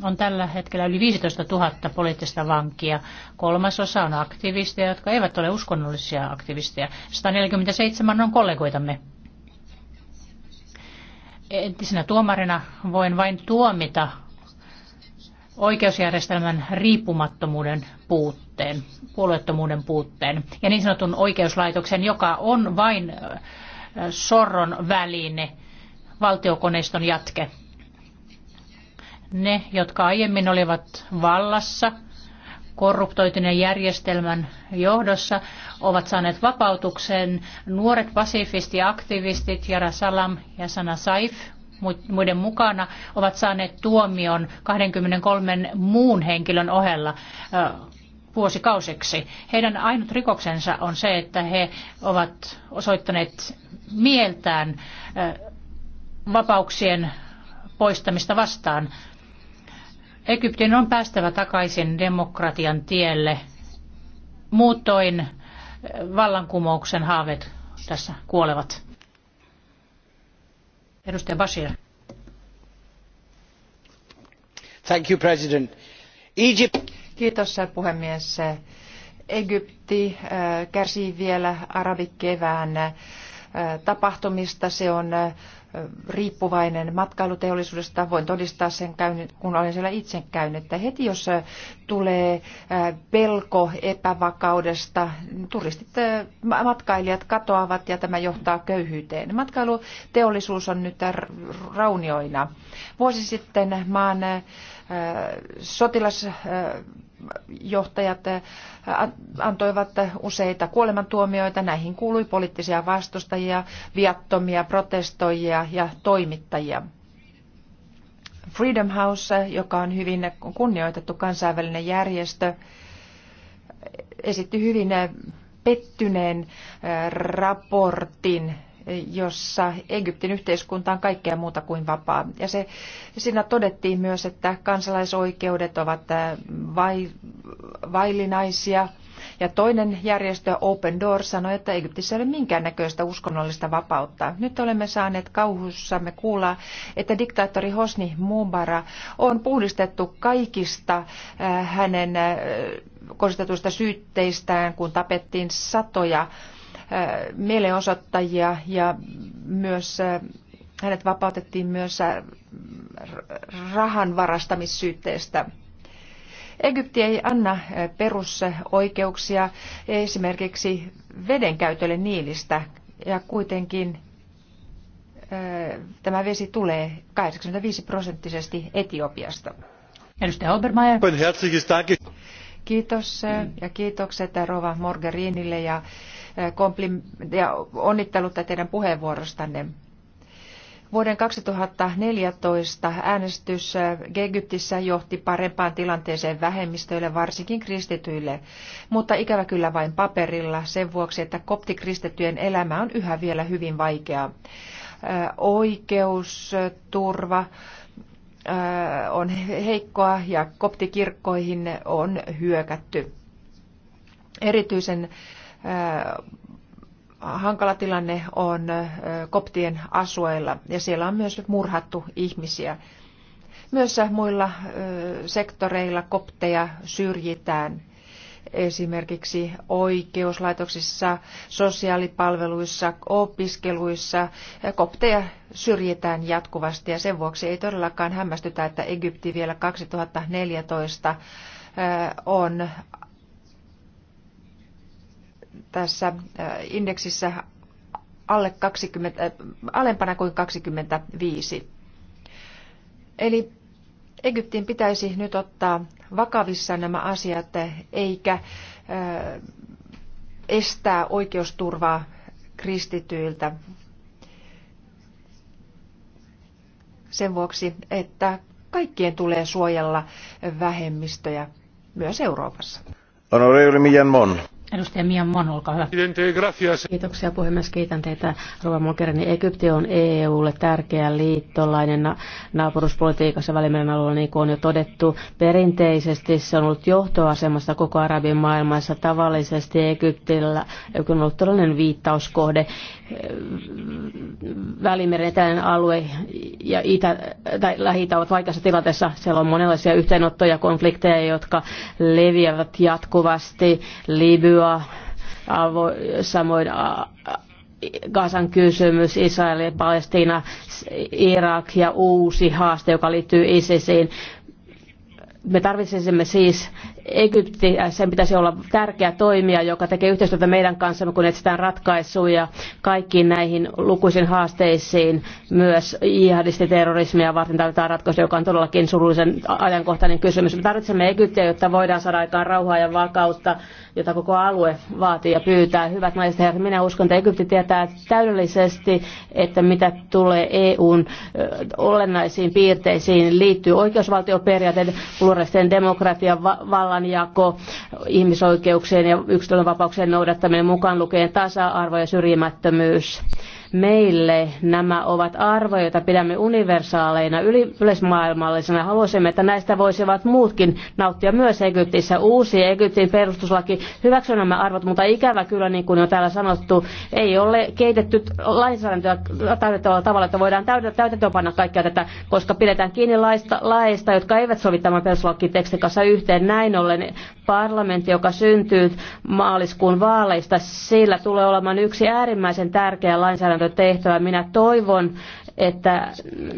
on tällä hetkellä yli 15 000 poliittista vankia. Kolmasosa on aktivisteja, jotka eivät ole uskonnollisia aktivisteja. 147 on kollegoitamme entisenä tuomarina voin vain tuomita oikeusjärjestelmän riippumattomuuden puutteen, puolueettomuuden puutteen ja niin sanotun oikeuslaitoksen, joka on vain sorron väline, valtiokoneiston jatke. Ne, jotka aiemmin olivat vallassa – korruptoituneen järjestelmän johdossa ovat saaneet vapautuksen nuoret pasifistiaktivistit Jara Salam ja Sana Saif muiden mukana ovat saaneet tuomion 23 muun henkilön ohella vuosikausiksi. Heidän ainut rikoksensa on se, että he ovat osoittaneet mieltään vapauksien poistamista vastaan. Egyptin on päästävä takaisin demokratian tielle. Muutoin eh, vallankumouksen haaveet tässä kuolevat. Edustaja Bashir. Thank you, President. Egypt... Kiitos eh, puhemies. Egypti eh, kärsii vielä arabikevään tapahtumista. Se on riippuvainen matkailuteollisuudesta. Voin todistaa sen, kun olen siellä itse käynyt, että heti jos tulee pelko epävakaudesta, turistit, matkailijat katoavat ja tämä johtaa köyhyyteen. Matkailuteollisuus on nyt raunioina. Vuosi sitten maan sotilasjohtajat äh, antoivat useita kuolemantuomioita. Näihin kuului poliittisia vastustajia, viattomia protestoijia ja toimittajia. Freedom House, joka on hyvin kunnioitettu kansainvälinen järjestö, esitti hyvin pettyneen äh, raportin jossa Egyptin yhteiskunta on kaikkea muuta kuin vapaa. Ja se, siinä todettiin myös, että kansalaisoikeudet ovat äh, vai, vailinaisia. Ja toinen järjestö Open Door sanoi, että Egyptissä ei ole minkäännäköistä uskonnollista vapautta. Nyt olemme saaneet kauhussamme kuulla, että diktaattori Hosni Mubarak on puhdistettu kaikista äh, hänen äh, syytteistään, kun tapettiin satoja äh, mielenosoittajia ja myös äh, hänet vapautettiin myös äh, rahan varastamissyytteestä. Egypti ei anna äh, perusoikeuksia esimerkiksi vedenkäytölle Niilistä ja kuitenkin tämä vesi tulee 85 prosenttisesti Etiopiasta. Edustaja Obermeier. Kiitos ja kiitokset Rova Morgerinille ja ja onnittelut teidän puheenvuorostanne. Vuoden 2014 äänestys Egyptissä johti parempaan tilanteeseen vähemmistöille, varsinkin kristityille, mutta ikävä kyllä vain paperilla sen vuoksi, että koptikristityjen elämä on yhä vielä hyvin vaikeaa. Oikeus, turva on heikkoa ja koptikirkkoihin on hyökätty. Erityisen Äh, hankala tilanne on äh, koptien asueilla ja siellä on myös murhattu ihmisiä. Myös muilla äh, sektoreilla kopteja syrjitään esimerkiksi oikeuslaitoksissa, sosiaalipalveluissa, opiskeluissa. Kopteja syrjitään jatkuvasti ja sen vuoksi ei todellakaan hämmästytä, että Egypti vielä 2014 on tässä äh, indeksissä alle 20, äh, alempana kuin 25. Eli Egyptin pitäisi nyt ottaa vakavissa nämä asiat, eikä äh, estää oikeusturvaa kristityiltä sen vuoksi, että kaikkien tulee suojella vähemmistöjä myös Euroopassa. Honorable Mijan Mon. Edustaja Mian Mon, olkaa hyvä. Kiitoksia puhemies, kiitän teitä. Rova Mogherini, Egypti on EUlle tärkeä liittolainen na- naapuruspolitiikassa Välimeren alueella, niin kuin on jo todettu. Perinteisesti se on ollut johtoasemassa koko Arabin maailmassa. Tavallisesti Egyptillä on ollut todellinen viittauskohde. Välimeren eteläinen alue ja itä, tai lähi ovat vaikeassa tilanteessa. Siellä on monenlaisia yhteenottoja, konflikteja, jotka leviävät jatkuvasti. Libya Libya, avo, samoin Gazan kysymys, Israel ja Palestina, Irak ja uusi haaste, joka liittyy ISISiin. Me tarvitsisimme siis Egyptiä, pitäisi olla tärkeä toimija, joka tekee yhteistyötä meidän kanssamme, kun etsitään ratkaisuja kaikkiin näihin lukuisiin haasteisiin. Myös jihadistiterrorismia varten tarvitaan ratkaisuja, joka on todellakin surullisen ajankohtainen kysymys. Me tarvitsemme Egyptiä, jotta voidaan saada aikaan rauhaa ja vakautta, jota koko alue vaatii ja pyytää. Hyvät naiset ja herrat, minä uskon, että Egypti tietää täydellisesti, että mitä tulee EUn olennaisiin piirteisiin liittyy oikeusvaltioperiaatteet, pluralistinen demokratia, val- vallanjako, ihmisoikeuksien ja yksilönvapauksien noudattaminen mukaan lukien tasa-arvo ja syrjimättömyys. Meille nämä ovat arvoja, joita pidämme universaaleina, yleismaailmallisena. Haluaisimme, että näistä voisivat muutkin nauttia myös Egyptissä. Uusi Egyptin perustuslaki hyväksyy nämä arvot, mutta ikävä kyllä, niin kuin on täällä sanottu, ei ole keitetty lainsäädäntöä täydettävällä tavalla, että voidaan panna kaikkea tätä, koska pidetään kiinni laista, laista, jotka eivät sovi tämän perustuslakitekstin kanssa yhteen. Näin ollen parlamentti, joka syntyy maaliskuun vaaleista, sillä tulee olemaan yksi äärimmäisen tärkeä lainsäädäntö tehtävä. Minä toivon, että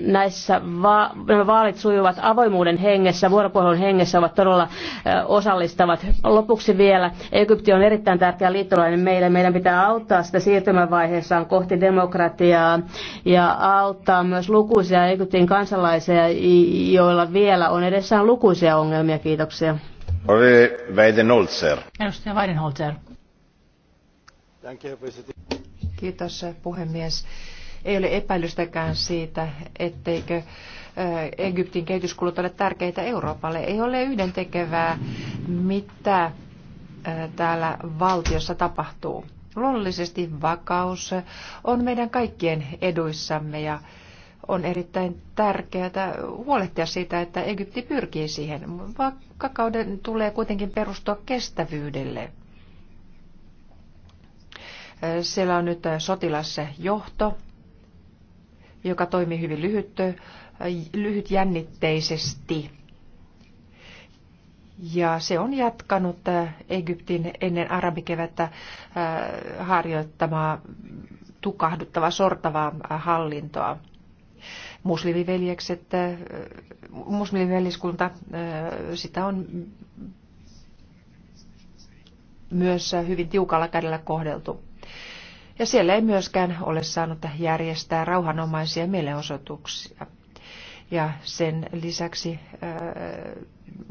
näissä va- nämä vaalit sujuvat avoimuuden hengessä, vuoropuhelun hengessä, ovat todella osallistavat. Lopuksi vielä, Egypti on erittäin tärkeä liittolainen meille. Meidän pitää auttaa sitä siirtymävaiheessaan kohti demokratiaa ja auttaa myös lukuisia Egyptin kansalaisia, joilla vielä on edessään lukuisia ongelmia. Kiitoksia. Edustaja Weidenholzer. Kiitos puhemies. Ei ole epäilystäkään siitä, etteikö Egyptin kehityskulut ole tärkeitä Euroopalle. Ei ole yhdentekevää, mitä täällä valtiossa tapahtuu. Luonnollisesti vakaus on meidän kaikkien eduissamme ja on erittäin tärkeää huolehtia siitä, että Egypti pyrkii siihen. Vakauden tulee kuitenkin perustua kestävyydelle. Siellä on nyt sotilasjohto, joka toimii hyvin lyhyt, lyhytjännitteisesti. Ja se on jatkanut Egyptin ennen arabikevättä harjoittamaa tukahduttavaa, sortavaa hallintoa. Muslimiveljekset, muslimiveljeskunta, sitä on myös hyvin tiukalla kädellä kohdeltu ja siellä ei myöskään ole saanut järjestää rauhanomaisia mielenosoituksia. Ja sen lisäksi äh,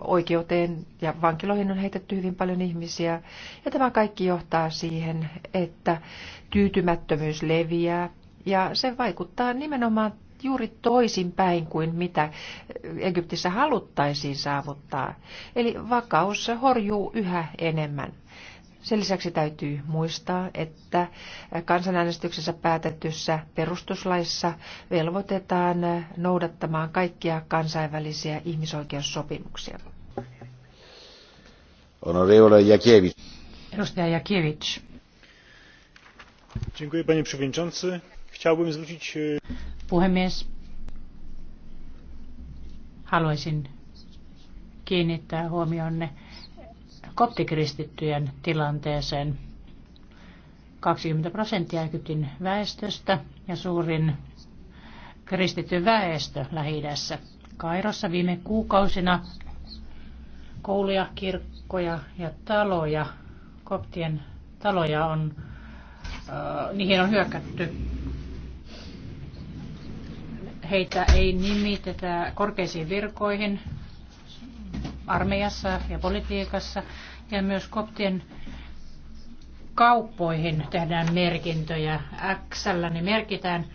oikeuteen ja vankiloihin on heitetty hyvin paljon ihmisiä. Ja tämä kaikki johtaa siihen, että tyytymättömyys leviää ja se vaikuttaa nimenomaan juuri toisinpäin kuin mitä Egyptissä haluttaisiin saavuttaa. Eli vakaus horjuu yhä enemmän. Sen lisäksi täytyy muistaa, että kansanäänestyksessä päätetyssä perustuslaissa velvoitetaan noudattamaan kaikkia kansainvälisiä ihmisoikeussopimuksia. Honorable Jakiewicz. Edustaja Jakiewicz. Dziękuję panie przewodniczący. Chciałbym zwrócić... E, Puhemies. Haluaisin kiinnittää huomionne koptikristittyjen tilanteeseen. 20 prosenttia Egyptin väestöstä ja suurin kristitty väestö lähi -idässä. Kairossa viime kuukausina kouluja, kirkkoja ja taloja, koptien taloja on, äh, niihin on hyökätty. Heitä ei nimitetä korkeisiin virkoihin, armeijassa ja politiikassa ja myös koptien kauppoihin tehdään merkintöjä. x ne merkitään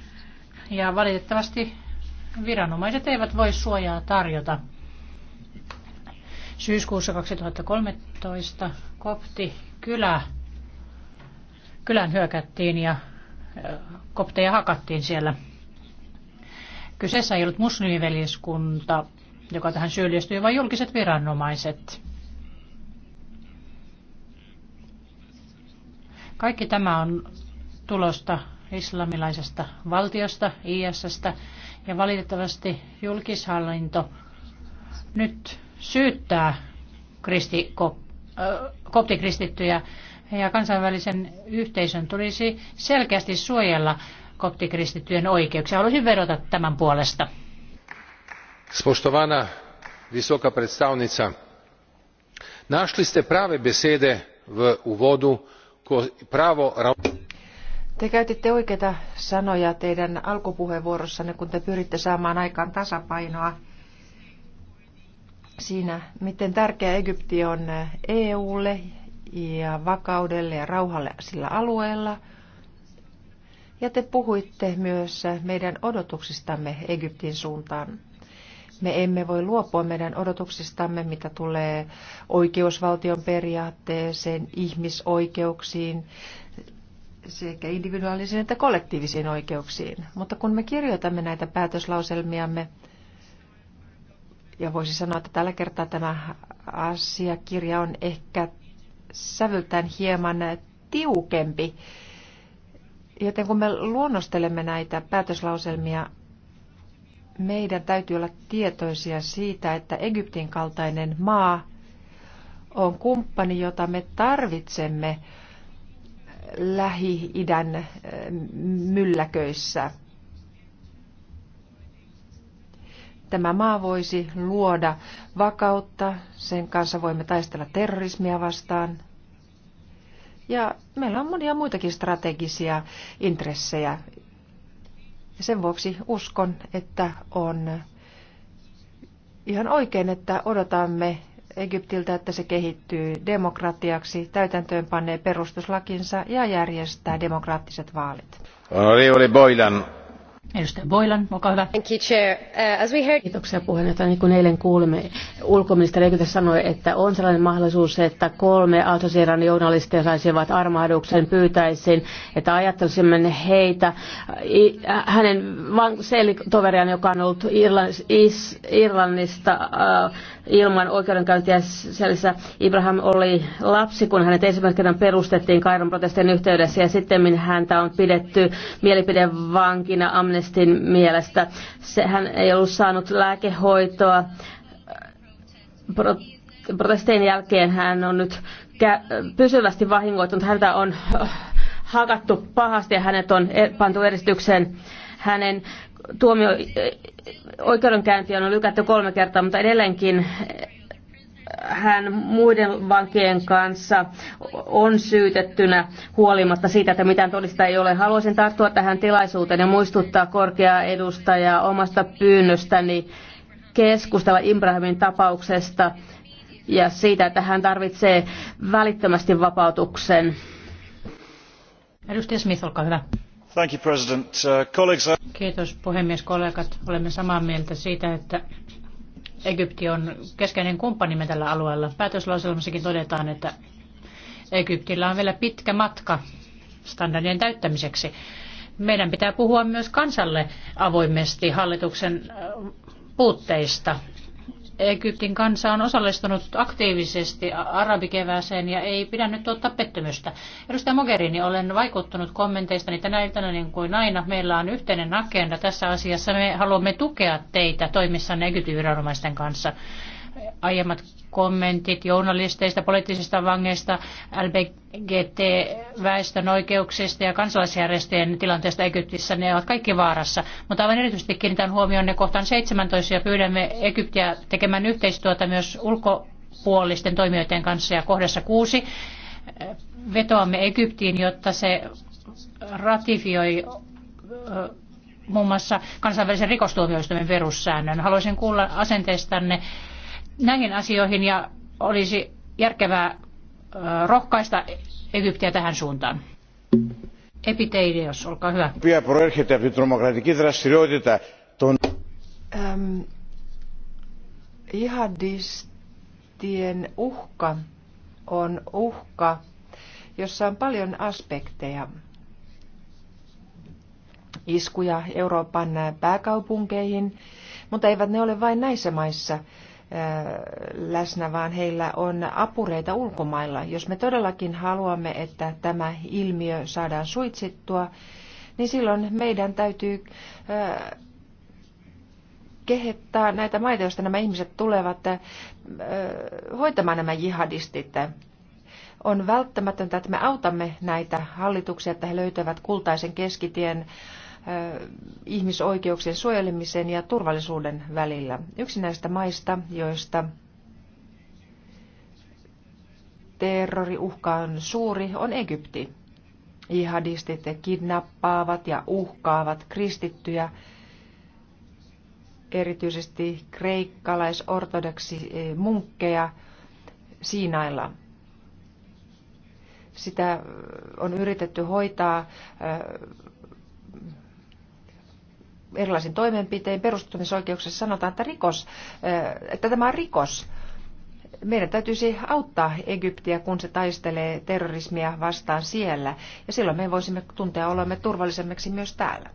ja valitettavasti viranomaiset eivät voi suojaa tarjota. Syyskuussa 2013 kopti kylä, kylän hyökättiin ja kopteja hakattiin siellä. Kyseessä ei ollut muslimiveljeskunta, joka tähän syyllistyy, vaan julkiset viranomaiset. Kaikki tämä on tulosta islamilaisesta valtiosta, ISS, ja valitettavasti julkishallinto nyt syyttää kristi, koptikristittyjä, ja kansainvälisen yhteisön tulisi selkeästi suojella koptikristittyjen oikeuksia. Haluaisin vedota tämän puolesta spoštovana visoka predstavnica našli ste prave besede v uvodu pravo te käytitte oikeita sanoja teidän alkupuheenvuorossanne kun te pyritte saamaan aikaan tasapainoa siinä miten tärkeä egypti on eulle ja vakaudelle ja rauhalle sillä alueella ja te puhuitte myös meidän odotuksistamme Egyptin suuntaan. Me emme voi luopua meidän odotuksistamme, mitä tulee oikeusvaltion periaatteeseen, ihmisoikeuksiin, sekä individuaalisiin että kollektiivisiin oikeuksiin. Mutta kun me kirjoitamme näitä päätöslauselmiamme, ja voisi sanoa, että tällä kertaa tämä asiakirja on ehkä sävyltään hieman tiukempi, joten kun me luonnostelemme näitä päätöslauselmia, meidän täytyy olla tietoisia siitä, että Egyptin kaltainen maa on kumppani, jota me tarvitsemme Lähi-idän eh, mylläköissä. Tämä maa voisi luoda vakautta, sen kanssa voimme taistella terrorismia vastaan. Ja meillä on monia muitakin strategisia intressejä ja sen vuoksi uskon, että on ihan oikein, että odotamme Egyptiltä, että se kehittyy demokratiaksi, täytäntöön panee perustuslakinsa ja järjestää demokraattiset vaalit. Honorevole Boylan, Edustaja Boylan, olkaa hyvä. Thank you, Chair. Uh, as we heard... Kiitoksia puheenjohtaja. Niin kuin eilen kuulimme, ulkoministeri Egyptissä sanoi, että on sellainen mahdollisuus, että kolme autosiiran journalistia saisivat armahduksen. Pyytäisin, että ajattelisimme heitä, äh, hänen toveriaan, joka on ollut Irlannista, Irlannista äh, ilman oikeudenkäyntiä Selissä. Ibrahim oli lapsi, kun hänet ensimmäisen kerran perustettiin Kairon protestien yhteydessä ja sitten häntä on pidetty mielipidevankina Amnestin mielestä. Se, hän ei ollut saanut lääkehoitoa. Pro, protestien jälkeen hän on nyt pysyvästi vahingoittunut. Häntä on hakattu pahasti ja hänet on e-, pantu eristykseen hänen tuomio eh, oikeudenkäynti on lykätty kolme kertaa, mutta edelleenkin eh, hän muiden vankien kanssa on syytettynä huolimatta siitä, että mitään todista ei ole. Haluaisin tarttua tähän tilaisuuteen ja muistuttaa korkeaa edustajaa omasta pyynnöstäni keskustella Ibrahimin tapauksesta ja siitä, että hän tarvitsee välittömästi vapautuksen. Edustaja Smith, olkaa hyvä. Uh, Kiitos puhemies, kollegat. Olemme samaa mieltä siitä, että Egypti on keskeinen kumppanimme tällä alueella. Päätöslauselmassakin todetaan, että Egyptillä on vielä pitkä matka standardien täyttämiseksi. Meidän pitää puhua myös kansalle avoimesti hallituksen äh, puutteista. Egyptin kansa on osallistunut aktiivisesti arabikevääseen ja ei pidä nyt ottaa pettymystä. Edustaja Mogherini, olen vaikuttunut kommenteistani tänä iltana niin kuin aina. Meillä on yhteinen agenda tässä asiassa. Me haluamme tukea teitä toimissanne Egyptin viranomaisten kanssa aiemmat kommentit journalisteista, poliittisista vangeista, LBGT-väestön oikeuksista ja kansalaisjärjestöjen tilanteesta Egyptissä, ne ovat kaikki vaarassa. Mutta aivan erityisesti kiinnitän huomioon ne kohtaan 17 ja pyydämme Egyptiä tekemään yhteistyötä myös ulkopuolisten toimijoiden kanssa ja kohdassa kuusi vetoamme Egyptiin, jotta se ratifioi muun muassa kansainvälisen rikostuomioistuimen perussäännön. Haluaisin kuulla asenteestanne näihin asioihin ja olisi järkevää rohkaista Egyptiä tähän suuntaan. Επιτέλειος, olkaa hyvä. Οποία προέρχεται από την τρομοκρατική δραστηριότητα Ähm, jihadistien uhka on uhka, jossa on paljon aspekteja. Iskuja Euroopan pääkaupunkeihin, mutta eivät ne ole vain näissä maissa. Äh, läsnä, vaan heillä on apureita ulkomailla. Jos me todellakin haluamme, että tämä ilmiö saadaan suitsittua, niin silloin meidän täytyy äh, kehittää näitä maita, joista nämä ihmiset tulevat äh, hoitamaan nämä jihadistit. On välttämätöntä, että me autamme näitä hallituksia, että he löytävät kultaisen keskitien ihmisoikeuksien suojelemisen ja turvallisuuden välillä. Yksi näistä maista, joista terroriuhka on suuri, on Egypti. Jihadistit kidnappaavat ja uhkaavat kristittyjä, erityisesti kreikkalaisortodoksi e, munkkeja Siinailla. Sitä on yritetty hoitaa erilaisin toimenpitein. Perustumisoikeuksessa sanotaan, että, rikos, eh, että tämä on rikos. Meidän täytyisi auttaa Egyptiä, kun se taistelee terrorismia vastaan siellä, ja silloin me voisimme tuntea olemme turvallisemmiksi myös täällä.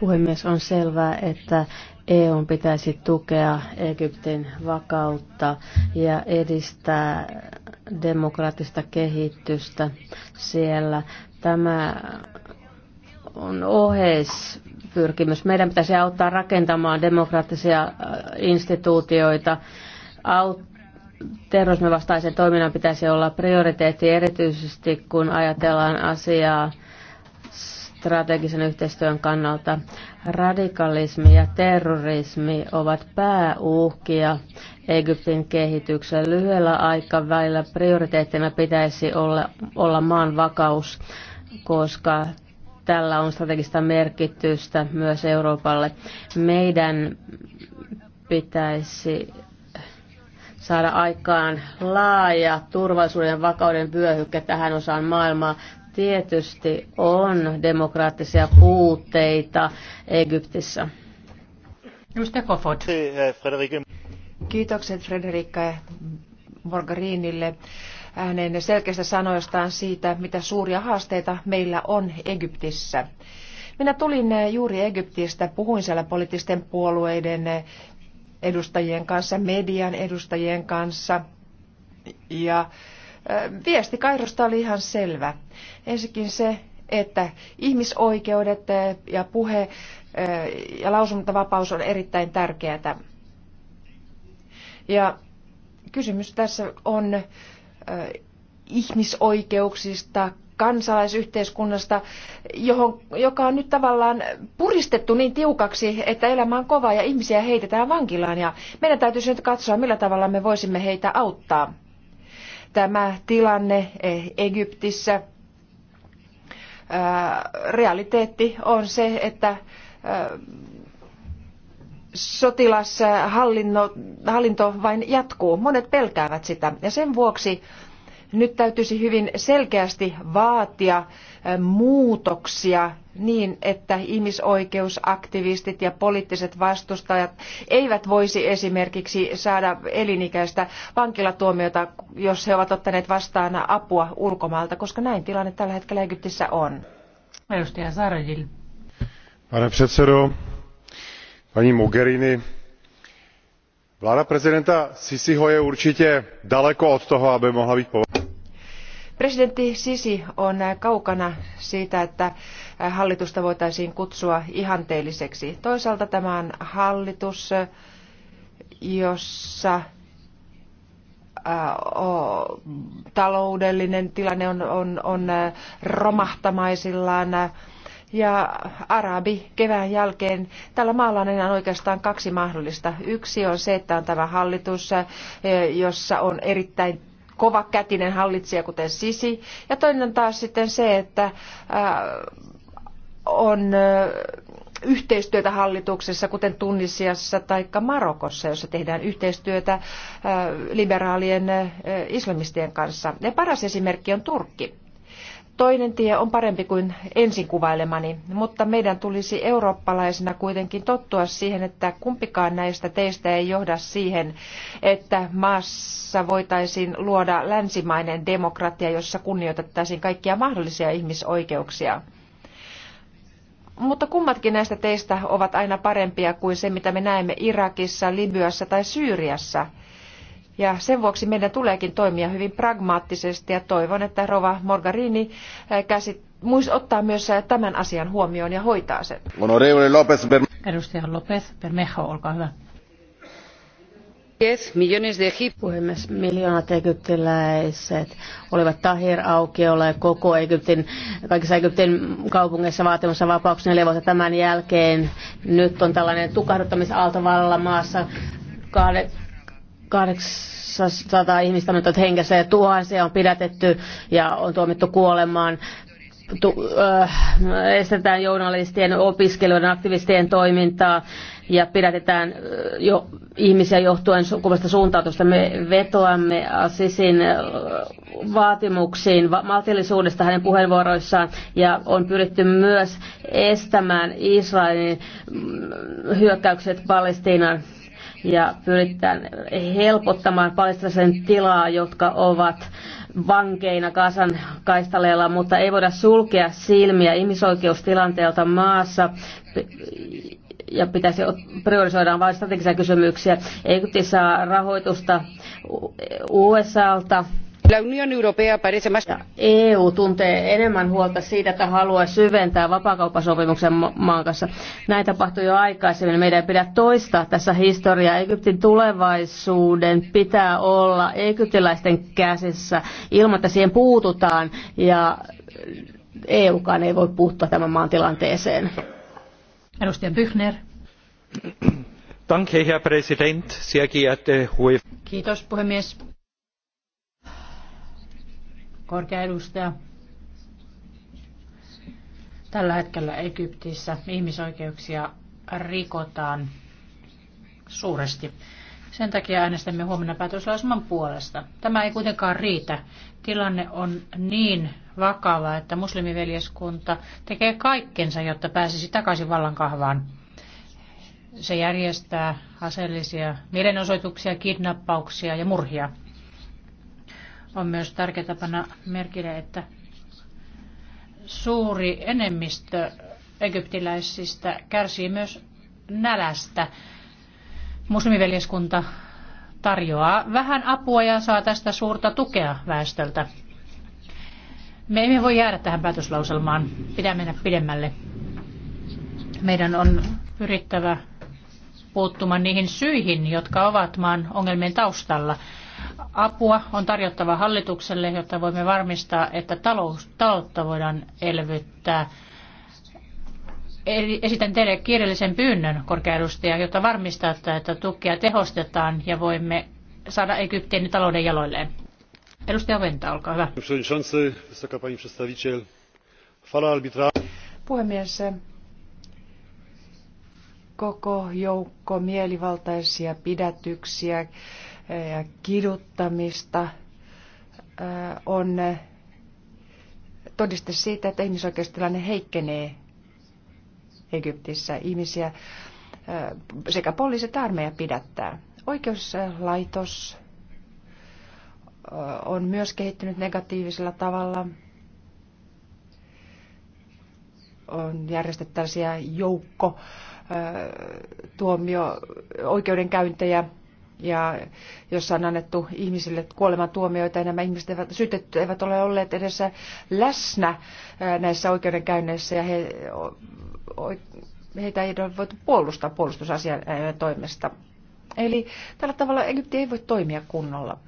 Puhemies, on selvää, että EU pitäisi tukea Egyptin vakautta ja edistää demokraattista kehitystä siellä. Tämä on oheis pyrkimys. Meidän pitäisi auttaa rakentamaan demokraattisia äh, instituutioita. terrorismin vastaisen toiminnan pitäisi olla prioriteetti erityisesti, kun ajatellaan asiaa strategisen yhteistyön kannalta. Radikalismi ja terrorismi ovat pääuhkia Egyptin kehityksen Lyhyellä aikavälillä prioriteettina pitäisi olla, olla maan vakaus, koska tällä on strategista merkitystä myös Euroopalle. Meidän pitäisi saada aikaan laaja turvallisuuden ja vakauden vyöhykke tähän osaan maailmaa. Tietysti on demokraattisia puutteita Egyptissä. Edustaja Kofod. Eh, Kiitokset Frederikka Morgarinille hänen selkeistä sanoistaan siitä, mitä suuria haasteita meillä on Egyptissä. Minä tulin eh, juuri Egyptistä, puhuin siellä poliittisten puolueiden eh, edustajien kanssa, median edustajien kanssa ja Viesti Kairosta oli ihan selvä. Ensinnäkin se, että ihmisoikeudet ja puhe ja lausuntavapaus on erittäin tärkeää. Ja kysymys tässä on ihmisoikeuksista, kansalaisyhteiskunnasta, johon, joka on nyt tavallaan puristettu niin tiukaksi, että elämä on kova ja ihmisiä heitetään vankilaan. Ja meidän täytyisi nyt katsoa, millä tavalla me voisimme heitä auttaa tämä tilanne eh, Egyptissä. Äh, realiteetti on se, että äh, sotilashallinto vain jatkuu. Monet pelkäävät sitä ja sen vuoksi nyt täytyisi hyvin selkeästi vaatia muutoksia niin, että ihmisoikeusaktivistit ja poliittiset vastustajat eivät voisi esimerkiksi saada elinikäistä vankilatuomiota, jos he ovat ottaneet vastaan apua ulkomailta, koska näin tilanne tällä hetkellä Egyptissä on. Edustaja Sarajil. Pane předsedo, paní Mogherini, vláda prezidenta Sisiho je určitě daleko od toho, aby mohla být Presidentti Sisi on kaukana siitä, että hallitusta voitaisiin kutsua ihanteelliseksi. Toisaalta tämä on hallitus, jossa taloudellinen tilanne on, on, on romahtamaisillaan. Ja arabi kevään jälkeen tällä maalla on enää oikeastaan kaksi mahdollista. Yksi on se, että on tämä hallitus, jossa on erittäin kova kätinen hallitsija, kuten Sisi. Ja toinen taas sitten se, että äh, on äh, yhteistyötä hallituksessa, kuten Tunisiassa tai Marokossa, jossa tehdään yhteistyötä äh, liberaalien islamistien kanssa. Ja paras esimerkki on Turkki. Toinen tie on parempi kuin ensin kuvailemani, mutta meidän tulisi eurooppalaisina kuitenkin tottua siihen, että kumpikaan näistä teistä ei johda siihen, että maassa voitaisiin luoda länsimainen demokratia, jossa kunnioitettaisiin kaikkia mahdollisia ihmisoikeuksia. Mutta kummatkin näistä teistä ovat aina parempia kuin se, mitä me näemme Irakissa, Libyassa tai Syyriassa – ja sen vuoksi meidän tuleekin toimia hyvin pragmaattisesti ja toivon, että Rova Morgarini eh, käsit, muist, ottaa myös eh, tämän asian huomioon ja hoitaa sen. Edustaja López Bermejo, olkaa hyvä. Puhemies, miljoonat egyptiläiset olivat Tahir aukiolla ja koko Egyptin, kaikissa Egyptin kaupungeissa vaatimassa vapauksia neljä vuotta tämän jälkeen. Nyt on tällainen tukahduttamisaalto vallalla maassa. Kahdet, 800 ihmistä on nyt hengessä ja tuhansia on pidätetty ja on tuomittu kuolemaan. Tu, äh, estetään journalistien, opiskelijoiden, aktivistien toimintaa ja pidätetään äh, jo ihmisiä johtuen su- kuvasta suuntautusta. Me vetoamme Assisin äh, vaatimuksiin va- maltillisuudesta hänen puheenvuoroissaan ja on pyritty myös estämään Israelin mm, hyökkäykset Palestiinan ja pyritään helpottamaan palestinaisen tilaa, jotka ovat vankeina Kasan kaistaleella, mutta ei voida sulkea silmiä ihmisoikeustilanteelta maassa ja pitäisi priorisoida vain strategisia kysymyksiä. Egypti saa rahoitusta USAlta, EU e tuntee enemmän huolta siitä, että haluaa syventää vapaakauppasopimuksen maan kanssa. Näin tapahtui jo aikaisemmin. Meidän ei pidä toistaa tässä historiaa. Egyptin tulevaisuuden pitää olla egyptiläisten käsissä ilman, että siihen puututaan. Ja EUkaan ei voi puuttua tämän maan tilanteeseen. Edustaja Büchner. Danke, Herr Präsident, sehr geehrte Kiitos, puhemies korkea edustaja. Tällä hetkellä Egyptissä ihmisoikeuksia rikotaan suuresti. Sen takia äänestämme huomenna päätöslausuman puolesta. Tämä ei kuitenkaan riitä. Tilanne on niin vakava, että muslimiveljeskunta tekee kaikkensa, jotta pääsisi takaisin vallankahvaan. Se järjestää aseellisia mielenosoituksia, kidnappauksia ja murhia. On myös tärkeää panna merkille, että suuri enemmistö egyptiläisistä kärsii myös nälästä. Muslimiveljeskunta tarjoaa vähän apua ja saa tästä suurta tukea väestöltä. Me emme voi jäädä tähän päätöslauselmaan. Pitää mennä pidemmälle. Meidän on pyrittävä puuttumaan niihin syihin, jotka ovat maan ongelmien taustalla apua on tarjottava hallitukselle, jotta voimme varmistaa, että talous, taloutta voidaan elvyttää. Esitän teille kiireellisen pyynnön, korkeaedustaja, jotta varmistatte, että tukea tehostetaan ja voimme saada Egyptin talouden jaloilleen. Edustaja Venta, olkaa hyvä. Puhemies, koko joukko mielivaltaisia pidätyksiä ja kiduttamista on todiste siitä, että ihmisoikeustilanne heikkenee Egyptissä. Ihmisiä sekä poliisi että armeija pidättää. Oikeuslaitos on myös kehittynyt negatiivisella tavalla. On järjestetty tällaisia joukko tuomio oikeudenkäyntejä ja jossa on annettu ihmisille kuolemantuomioita ja nämä ihmiset eivät, syytetty eivät ole olleet edes läsnä näissä oikeudenkäynneissä ja he, heitä ei ole voitu puolustaa puolustusasian toimesta. Eli tällä tavalla Egypti ei voi toimia kunnolla.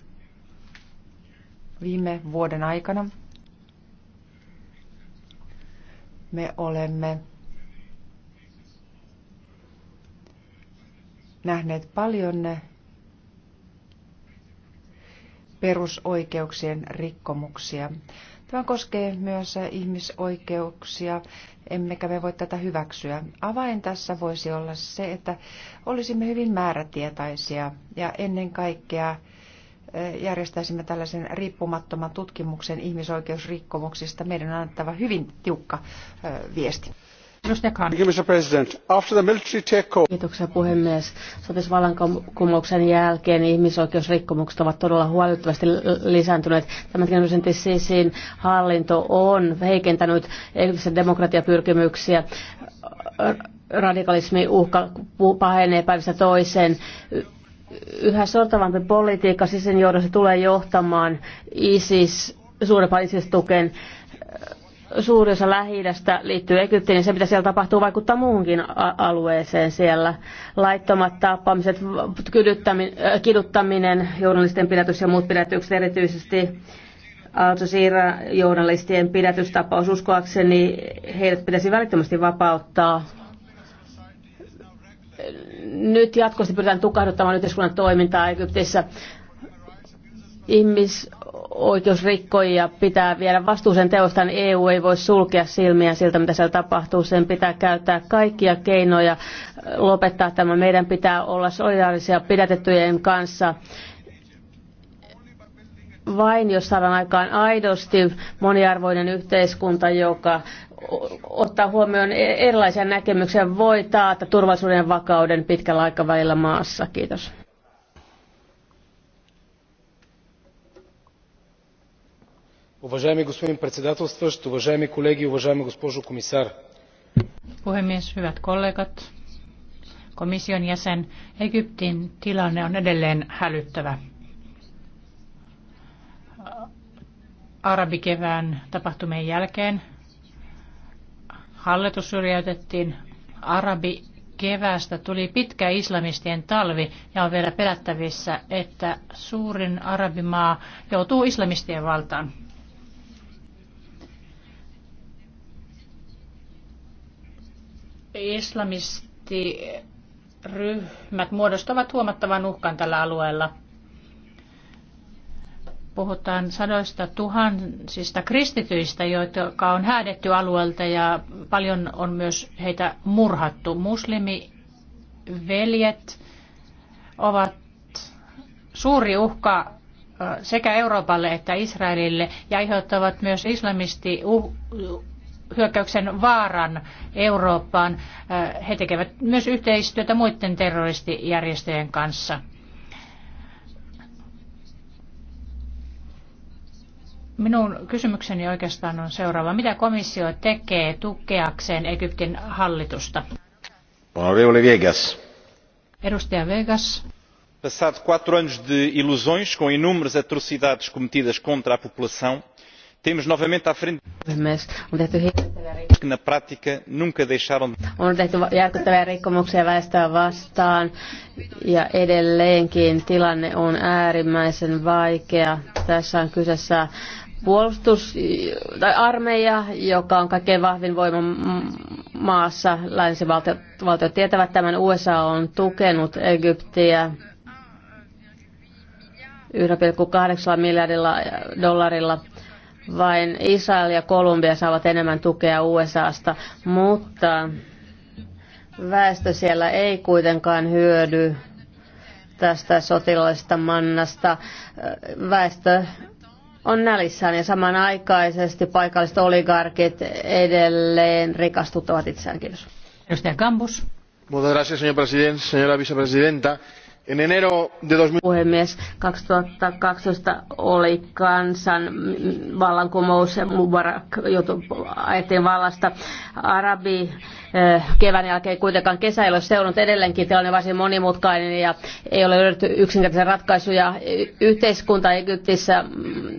Viime vuoden aikana me olemme nähneet paljon perusoikeuksien rikkomuksia. Tämä koskee myös ihmisoikeuksia, emmekä me voi tätä hyväksyä. Avain tässä voisi olla se, että olisimme hyvin määrätietaisia ja ennen kaikkea e, järjestäisimme tällaisen riippumattoman tutkimuksen ihmisoikeusrikkomuksista. Meidän on annettava hyvin tiukka e, viesti. Edustaja Kiitoksia puhemies. Sotisvallankumouksen jälkeen ihmisoikeusrikkomukset ovat todella huolettavasti lisääntyneet. Tämänkin presidentti Sisin hallinto on heikentänyt Egyptin demokratiapyrkimyksiä radikalismi uhka pahenee päivästä toiseen. Yhä sortavampi politiikka sisen johdossa tulee johtamaan ISIS, suurempaan ISIS-tukeen suuri osa lähi liittyy Egyptiin, niin se mitä siellä tapahtuu vaikuttaa muuhunkin alueeseen siellä. Laittomat tappamiset, äh, kiduttaminen, journalistien pidätys ja muut pidätykset erityisesti. Al Jazeera-journalistien pidätystapaus uskoakseni heidät pitäisi välittömästi vapauttaa. Nyt jatkuvasti pyritään tukahduttamaan yhteiskunnan toimintaa Egyptissä ihmisoikeusrikkojia pitää viedä vastuuseen teostaan. Niin e EU ei voi sulkea silmiä siltä, mitä siellä tapahtuu. Sen pitää käyttää kaikkia keinoja lopettaa tämä. Meidän pitää olla solidaarisia pidätettyjen kanssa vain jos saadaan aikaan aidosti moniarvoinen yhteiskunta, joka ottaa huomioon e- erilaisia näkemyksiä, voi taata turvallisuuden ja vakauden pitkällä aikavälillä maassa. Kiitos. уважаеми господин председателстващ уважаеми колеги уважаема госпожо комисар puhemies hyvät kollegat komission jäsen Egyptin tilanne on edelleen hälyttävä arabikevään tapahtumien jälkeen hallitus syrjäytettiin arabi keväästä tuli pitkä islamistien talvi ja on vielä pelättävissä, että suurin arabimaa joutuu islamistien valtaan. islamistiryhmät muodostavat huomattavan uhkan tällä alueella. Puhutaan sadoista tuhansista kristityistä, jotka on häädetty alueelta ja paljon on myös heitä murhattu. Muslimiveljet ovat suuri uhka sekä Euroopalle että Israelille ja aiheuttavat myös islamisti hyökkäyksen vaaran Eurooppaan. Äh, he tekevät myös yhteistyötä muiden terroristijärjestöjen kanssa. Minun kysymykseni oikeastaan on seuraava. Mitä komissio tekee tukeakseen Egyptin hallitusta? Honorable Vegas. Edustaja Vegas. Passado quatro anos de ilusões com inúmeras atrocidades cometidas contra a população, temos novamente à frente. Puhemies, on tehty on tehty järkyttäviä rikkomuksia väestöä vastaan ja edelleenkin tilanne on äärimmäisen vaikea. Tässä on kyseessä puolustus, tai armeija, joka on kaikkein vahvin voima maassa. Länsivaltiot tietävät tämän. USA on tukenut Egyptiä 1,8 miljardilla dollarilla vain Israel ja Kolumbia saavat enemmän tukea USAsta, mutta väestö siellä ei kuitenkaan hyödy tästä sotilaallisesta mannasta. Väestö on nälissään ja samanaikaisesti paikalliset oligarkit edelleen rikastuttavat itseään. Kiitos. Edustaja Kampus. Muchas gracias, señor presidente, señora vicepresidenta. Puhemies, 2012 oli kansan vallankumous ja Mubarak joutui ajettiin vallasta. Arabi eh, kevään jälkeen kuitenkaan kesä ei ole seurannut edelleenkin. Tilanne varsin monimutkainen ja ei ole löydetty yksinkertaisia ratkaisuja. Yhteiskunta Egyptissä mm,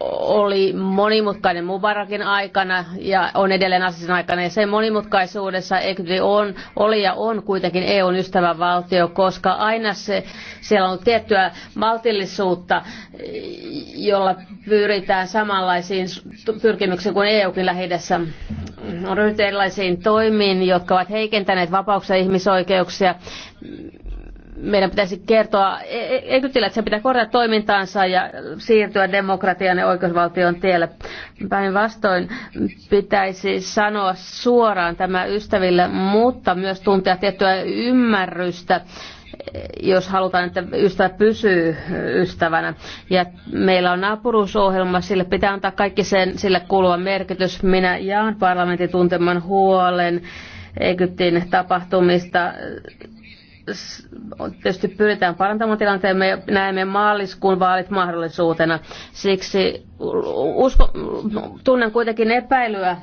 oli monimutkainen Mubarakin aikana ja on edelleen asian aikana. Ja sen monimutkaisuudessa Egypti on, oli ja on kuitenkin EUn ystävävaltio, koska aina se, siellä on tiettyä maltillisuutta, jolla pyritään samanlaisiin pyrkimyksiin kuin EUkin lähi On ryhdytty erilaisiin toimiin, jotka ovat heikentäneet vapauksia ihmisoikeuksia meidän pitäisi kertoa e, e, Egyptille, että sen pitää korjata toimintaansa ja siirtyä demokratian ja oikeusvaltion tielle. Päinvastoin pitäisi sanoa suoraan tämä ystäville, mutta myös tuntea tiettyä ymmärrystä jos halutaan, että ystävä pysyy ystävänä. Ja meillä on naapuruusohjelma, sille pitää antaa kaikki sen, sille kuuluva merkitys. Minä jaan parlamentin tunteman huolen Egyptin tapahtumista tietysti pyritään parantamaan tilanteen, me näemme maaliskuun vaalit mahdollisuutena. Siksi usko, tunnen kuitenkin epäilyä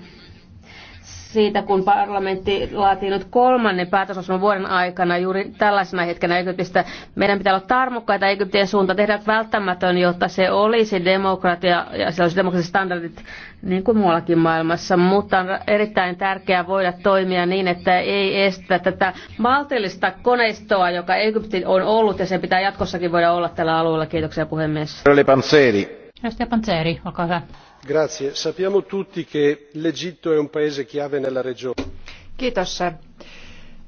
siitä, kun parlamentti laatii nyt kolmannen päätösosan vuoden aikana juuri tällaisena hetkenä Egyptistä. Meidän pitää olla tarmokkaita Egyptin suuntaan, tehdä välttämätön, jotta se olisi demokratia ja se olisi demokratiset standardit niin kuin muuallakin maailmassa, mutta on erittäin tärkeää voida toimia niin, että ei estä tätä maltillista koneistoa, joka Egyptin on ollut ja sen pitää jatkossakin voida olla tällä alueella. Kiitoksia puhemies. Panzeri. Edustaja Panzeri, olkaa hyvä signora presidente sappiamo tutti che l'egitto è un paese chiave nella regione.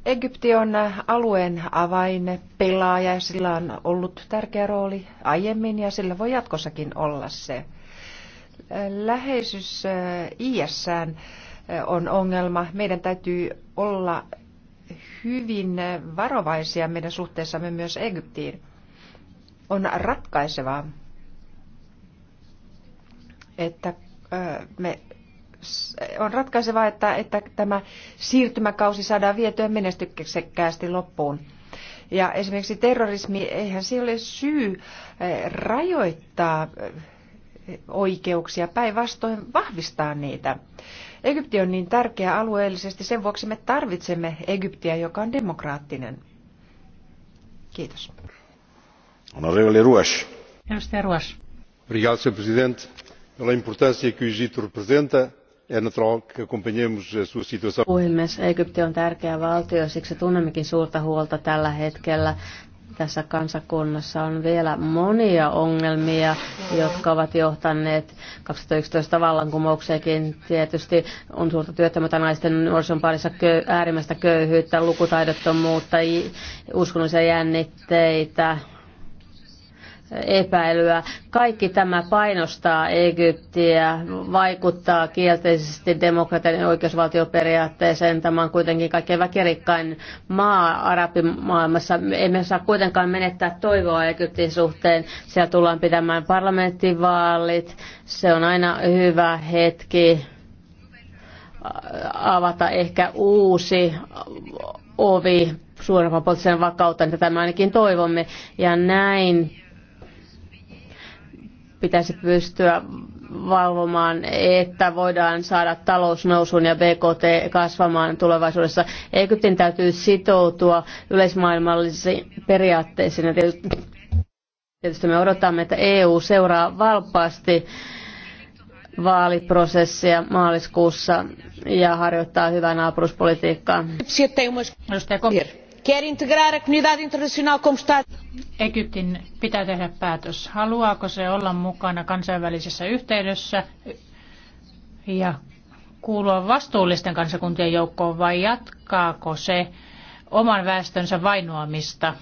egypti on alueen avainpelaaja ja sillä on ollut tärkeä rooli aiemmin ja sillä voi jatkossakin olla se. Läheisyys eh, is eh, on ongelma. Meidän täytyy olla hyvin eh, varovaisia meidän suhteessamme myös Egyptiin. On ratkaisevaa, että me on ratkaisevaa, että, että tämä siirtymäkausi saadaan vietyä menestyksekkäästi loppuun. Ja esimerkiksi terrorismi, eihän se ole syy rajoittaa oikeuksia, päinvastoin vahvistaa niitä. Egypti on niin tärkeä alueellisesti, sen vuoksi me tarvitsemme Egyptiä, joka on demokraattinen. Kiitos. Honorable Ruas. Edustaja Ruas. Obrigado, president pela importância que o Egito representa, é natural que acompanhemos a sua situação. Puhemies, Egypti on tärkeä valtio, siksi tunnemmekin suurta huolta tällä hetkellä. Tässä kansakunnassa on vielä monia ongelmia, jotka ovat johtaneet 2011 vallankumoukseenkin. Tietysti on suurta työttömätä naisten nuorison parissa äärimmäistä köyhyyttä, lukutaidottomuutta, uskonnollisia jännitteitä, epäilyä. Kaikki tämä painostaa Egyptiä, vaikuttaa kielteisesti demokratian ja oikeusvaltioperiaatteeseen. Tämä on kuitenkin kaikkein väkirikkain maa arabimaailmassa. Emme saa kuitenkaan menettää toivoa Egyptin suhteen. Siellä tullaan pitämään parlamenttivaalit. Se on aina hyvä hetki avata ehkä uusi ovi suurempaan poliittiseen vakauteen, niin tätä me ainakin toivomme. Ja näin pitäisi pystyä valvomaan, että voidaan saada talousnousun ja BKT kasvamaan tulevaisuudessa. Egyptin täytyy sitoutua yleismaailmallisiin periaatteisiin. Ja tietysti me odotamme, että EU seuraa valpaasti vaaliprosessia maaliskuussa ja harjoittaa hyvää naapuruspolitiikkaa. Edustaja Quer integrar a comunidade internacional como Estado. Egyptin pitää tehdä päätös, haluaako se olla mukana kansainvälisessä yhteydessä ja kuulua vastuullisten kansakuntien joukkoon vai jatkaako se oman väestönsä vainoamista,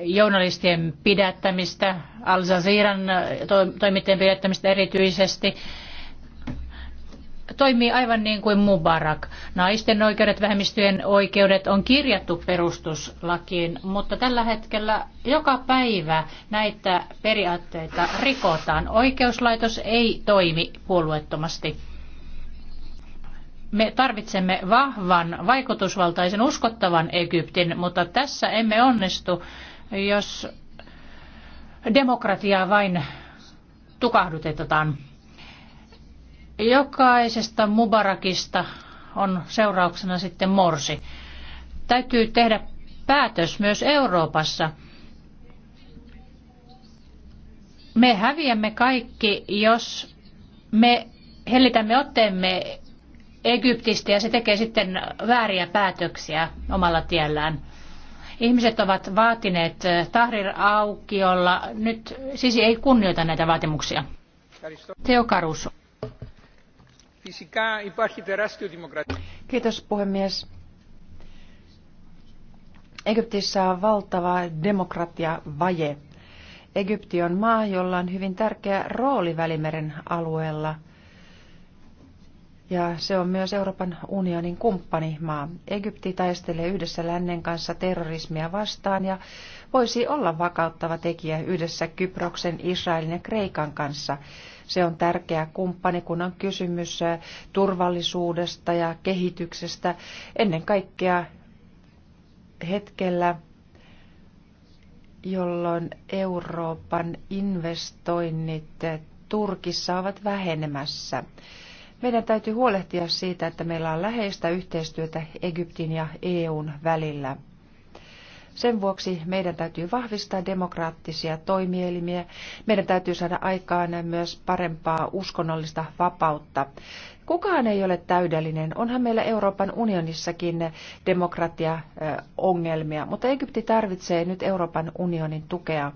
journalistien pidättämistä, Al Jazeeran toimittajien pidättämistä erityisesti – toimii aivan niin kuin Mubarak. Naisten oikeudet, vähemmistöjen oikeudet on kirjattu perustuslakiin, mutta tällä hetkellä joka päivä näitä periaatteita rikotaan. Oikeuslaitos ei toimi puolueettomasti. Me tarvitsemme vahvan, vaikutusvaltaisen, uskottavan Egyptin, mutta tässä emme onnistu, jos demokratiaa vain tukahdutetaan. Jokaisesta Mubarakista on seurauksena sitten morsi. Täytyy tehdä päätös myös Euroopassa. Me häviämme kaikki, jos me hellitämme otteemme Egyptistä ja se tekee sitten vääriä päätöksiä omalla tiellään. Ihmiset ovat vaatineet Tahrir aukiolla. Nyt Sisi ei kunnioita näitä vaatimuksia. Teo Karuso. Kiitos puhemies. Egyptissä on valtava demokratiavaje. Egypti on maa, jolla on hyvin tärkeä rooli Välimeren alueella – ja se on myös Euroopan unionin kumppanimaa. Egypti taistelee yhdessä lännen kanssa terrorismia vastaan ja voisi olla vakauttava tekijä yhdessä Kyproksen, Israelin ja Kreikan kanssa. Se on tärkeä kumppani, kun on kysymys äh, turvallisuudesta ja kehityksestä ennen kaikkea hetkellä, jolloin Euroopan investoinnit äh, Turkissa ovat vähenemässä. Meidän täytyy huolehtia siitä, että meillä on läheistä yhteistyötä Egyptin ja EUn välillä. Sen vuoksi meidän täytyy vahvistaa demokraattisia toimielimiä. Meidän täytyy saada aikaan myös parempaa uskonnollista vapautta. Kukaan ei ole täydellinen. Onhan meillä Euroopan unionissakin demokratiaongelmia, mutta Egypti tarvitsee nyt Euroopan unionin tukea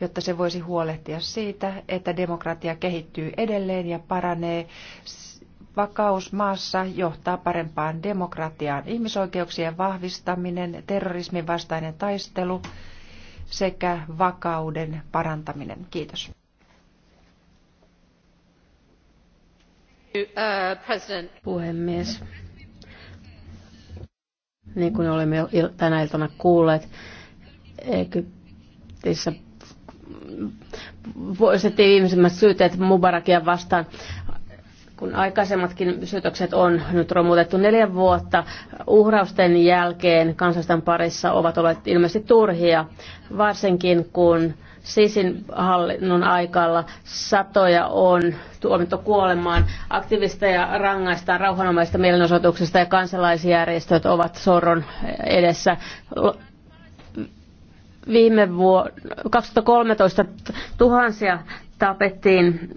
jotta se voisi huolehtia siitä, että demokratia kehittyy edelleen ja paranee. Vakaus maassa johtaa parempaan demokratiaan. Ihmisoikeuksien vahvistaminen, terrorismin vastainen taistelu sekä vakauden parantaminen. Kiitos. Uh, Puhemies, niin kuin olemme tänä iltana kuulleet, Egyptissä poistettiin viimeisimmät syytteet Mubarakia vastaan kun aikaisemmatkin syytökset on nyt romutettu neljä vuotta, uhrausten jälkeen kansalaisten parissa ovat olleet ilmeisesti turhia, varsinkin kun Sisin hallinnon aikalla satoja on tuomittu kuolemaan. Aktivisteja rangaistaan rauhanomaisista mielenosoituksista ja kansalaisjärjestöt ovat sorron edessä. Viime vuonna 2013 tuhansia tapettiin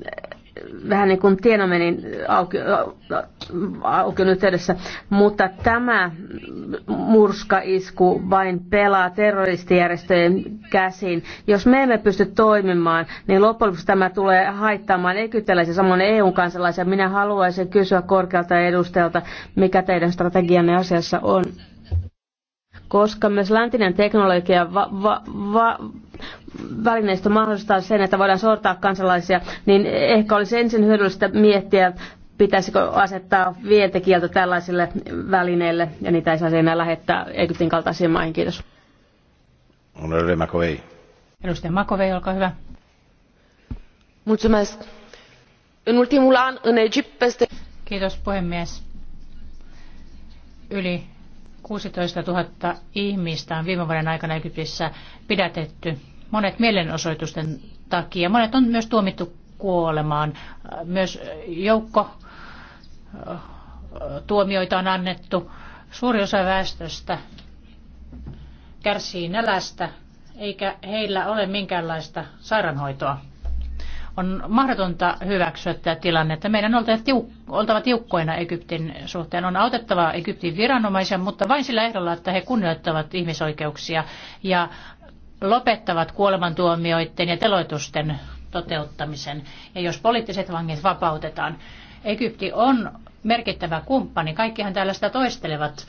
vähän niin kuin Tienomenin aukion yhteydessä, mutta tämä murskaisku vain pelaa terroristijärjestöjen käsiin. Jos me emme pysty toimimaan, niin loppujen lopuksi tämä tulee haittaamaan egyptiläisiä samoin EU-kansalaisia. Minä haluaisin kysyä korkealta edustajalta, mikä teidän strategianne asiassa on koska myös läntinen teknologia va- va- va- välineistö mahdollistaa sen, että voidaan sortaa kansalaisia, niin ehkä olisi ensin hyödyllistä miettiä, pitäisikö asettaa vientekielto tällaisille välineille, ja niitä ei saisi enää lähettää Egyptin kaltaisiin maihin. Kiitos. Honorable Makovei. Edustaja Makovei, olkaa hyvä. Mulțumesc. În ultimul an, în Egipt, peste... Kiitos puhemies. Yli 16 000 ihmistä on viime vuoden aikana Egyptissä pidätetty, monet mielenosoitusten takia. Monet on myös tuomittu kuolemaan. Myös joukko tuomioita on annettu. Suuri osa väestöstä kärsii nälästä, eikä heillä ole minkäänlaista sairaanhoitoa. On mahdotonta hyväksyä tämä tilanne, että meidän on oltava tiukkoina Egyptin suhteen. On autettava Egyptin viranomaisia, mutta vain sillä ehdolla, että he kunnioittavat ihmisoikeuksia ja lopettavat kuolemantuomioiden ja teloitusten toteuttamisen. Ja jos poliittiset vangit vapautetaan, Egypti on merkittävä kumppani. Kaikkihan täällä sitä toistelevat.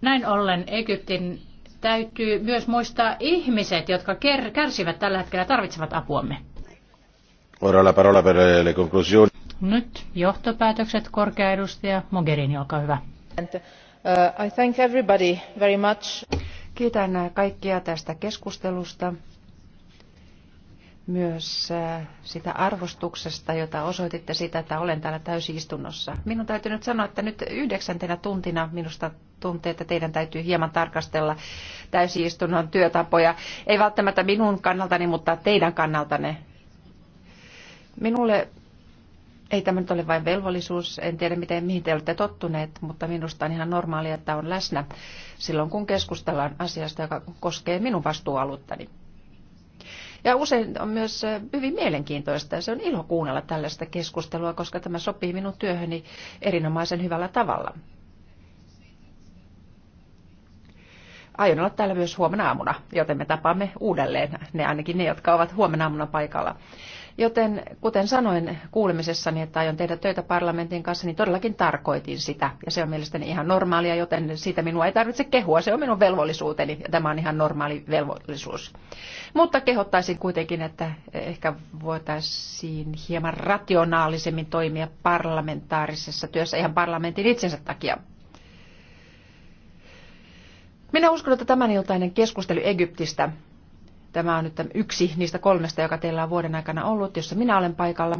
Näin ollen Egyptin täytyy myös muistaa ihmiset, jotka kärsivät tällä hetkellä tarvitsevat apuamme. Nyt johtopäätökset korkea edustaja Mogherini, olkaa hyvä. Uh, I thank everybody very much. Kiitän kaikkia tästä keskustelusta, myös uh, sitä arvostuksesta, jota osoititte sitä, että olen täällä täysistunnossa. Minun täytyy nyt sanoa, että nyt yhdeksäntenä tuntina minusta tuntuu, että teidän täytyy hieman tarkastella täysistunnon työtapoja. Ei välttämättä minun kannaltani, mutta teidän kannaltanne Minulle ei tämä nyt ole vain velvollisuus, en tiedä miten, mihin te olette tottuneet, mutta minusta on ihan normaalia, että on läsnä silloin, kun keskustellaan asiasta, joka koskee minun vastuualuttani. Ja usein on myös äh, hyvin mielenkiintoista ja se on ilo kuunnella tällaista keskustelua, koska tämä sopii minun työhöni erinomaisen hyvällä tavalla. Aion olla täällä myös huomenna aamuna, joten me tapaamme uudelleen ne ainakin ne, jotka ovat huomenna aamuna paikalla. Joten kuten sanoin kuulemisessani, että aion tehdä töitä parlamentin kanssa, niin todellakin tarkoitin sitä. Ja se on mielestäni ihan normaalia, joten siitä minua ei tarvitse kehua. Se on minun velvollisuuteni ja tämä on ihan normaali velvollisuus. Mutta kehottaisin kuitenkin, että ehkä voitaisiin hieman rationaalisemmin toimia parlamentaarisessa työssä ihan parlamentin itsensä takia. Minä uskon, että tämän iltainen keskustelu Egyptistä Tämä on nyt yksi niistä kolmesta, joka teillä on vuoden aikana ollut, jossa minä olen paikalla.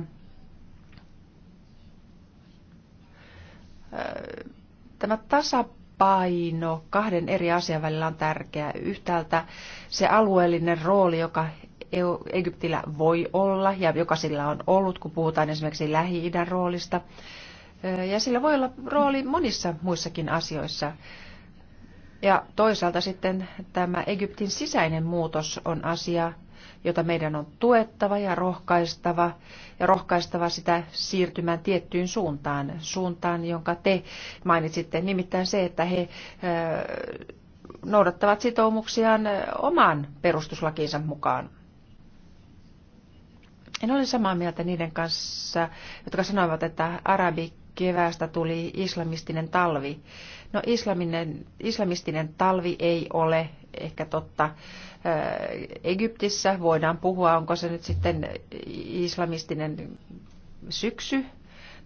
Tämä tasapaino kahden eri asian välillä on tärkeä. Yhtäältä se alueellinen rooli, joka Egyptillä voi olla ja joka sillä on ollut, kun puhutaan esimerkiksi Lähi-idän roolista. Ja sillä voi olla rooli monissa muissakin asioissa. Ja toisaalta sitten tämä Egyptin sisäinen muutos on asia, jota meidän on tuettava ja rohkaistava, ja rohkaistava sitä siirtymään tiettyyn suuntaan, suuntaan, jonka te mainitsitte, nimittäin se, että he noudattavat sitoumuksiaan oman perustuslakiinsa mukaan. En ole samaa mieltä niiden kanssa, jotka sanoivat, että arabi keväästä tuli islamistinen talvi. No islaminen, islamistinen talvi ei ole ehkä totta. Egyptissä voidaan puhua, onko se nyt sitten islamistinen syksy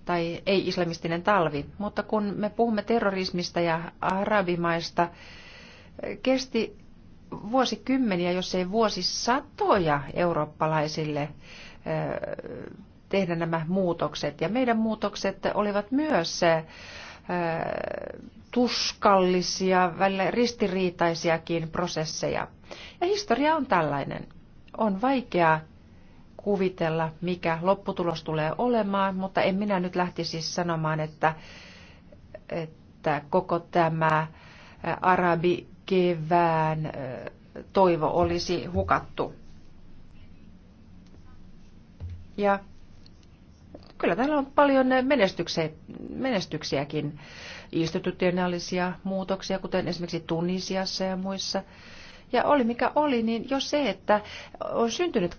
tai ei-islamistinen talvi. Mutta kun me puhumme terrorismista ja arabimaista, kesti vuosikymmeniä, jos ei vuosisatoja eurooppalaisille tehdä nämä muutokset. Ja meidän muutokset olivat myös tuskallisia, välillä ristiriitaisiakin prosesseja. Ja historia on tällainen. On vaikea kuvitella, mikä lopputulos tulee olemaan, mutta en minä nyt lähtisi sanomaan, että, että koko tämä arabikevään toivo olisi hukattu. Ja kyllä täällä on paljon menestyksiäkin institutionaalisia muutoksia, kuten esimerkiksi Tunisiassa ja muissa. Ja oli mikä oli, niin jo se, että on syntynyt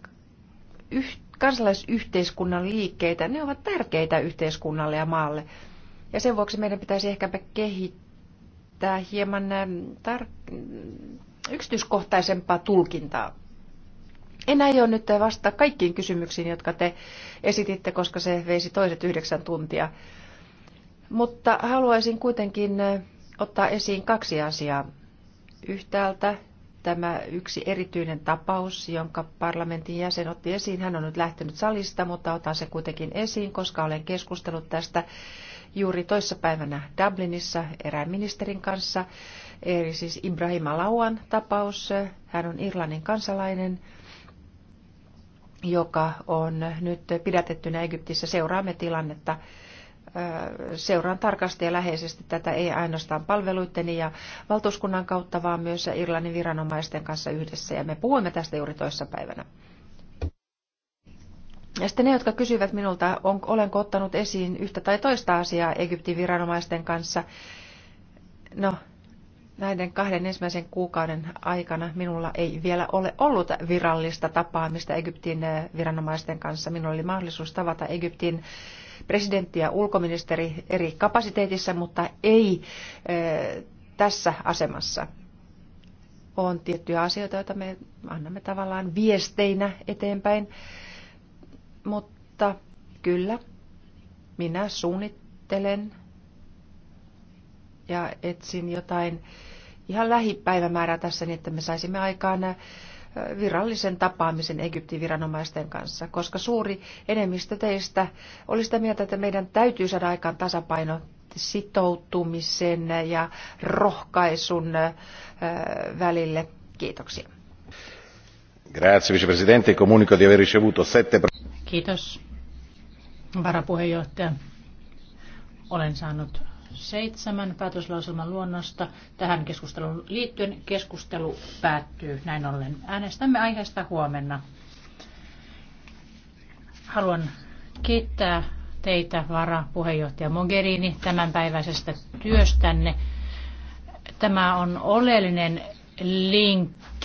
kansalaisyhteiskunnan liikkeitä, ne ovat tärkeitä yhteiskunnalle ja maalle. Ja sen vuoksi meidän pitäisi ehkäpä kehittää hieman ähm, tar- mm, yksityiskohtaisempaa tulkintaa. En aio nyt vastata kaikkiin kysymyksiin, jotka te esititte, koska se veisi toiset yhdeksän tuntia. Mutta haluaisin kuitenkin ottaa esiin kaksi asiaa. Yhtäältä tämä yksi erityinen tapaus, jonka parlamentin jäsen otti esiin. Hän on nyt lähtenyt salista, mutta otan se kuitenkin esiin, koska olen keskustellut tästä juuri toissapäivänä Dublinissa erään ministerin kanssa. Eli siis Ibrahim Alauan tapaus. Hän on Irlannin kansalainen, joka on nyt pidätettynä Egyptissä. Seuraamme tilannetta seuraan tarkasti ja läheisesti tätä ei ainoastaan palveluitteni ja valtuuskunnan kautta, vaan myös Irlannin viranomaisten kanssa yhdessä. Ja me puhuimme tästä juuri päivänä. Ja sitten ne, jotka kysyvät minulta, on, olenko ottanut esiin yhtä tai toista asiaa Egyptin viranomaisten kanssa. No, näiden kahden ensimmäisen kuukauden aikana minulla ei vielä ole ollut virallista tapaamista Egyptin eh, viranomaisten kanssa. Minulla oli mahdollisuus tavata Egyptin äh, presidentti ja ulkoministeri eri kapasiteetissa, mutta ei tässä asemassa. On tiettyjä asioita, joita me annamme tavallaan viesteinä eteenpäin, mutta kyllä, minä suunnittelen ja etsin jotain ihan lähipäivämäärää tässä, niin että me saisimme aikaan virallisen tapaamisen Egyptin viranomaisten kanssa, koska suuri enemmistö teistä oli sitä mieltä, että meidän täytyy saada aikaan tasapaino sitoutumisen ja rohkaisun välille. Kiitoksia. Grazie, vicepresidente. Comunico di aver ricevuto sette... Kiitos, varapuheenjohtaja. Olen saanut seitsemän päätöslauselman luonnosta tähän keskusteluun liittyen. Keskustelu päättyy näin ollen. Äänestämme aiheesta huomenna. Haluan kiittää teitä, vara-puhejohtajaa puheenjohtaja Mogherini, tämänpäiväisestä työstänne. Tämä on oleellinen linkki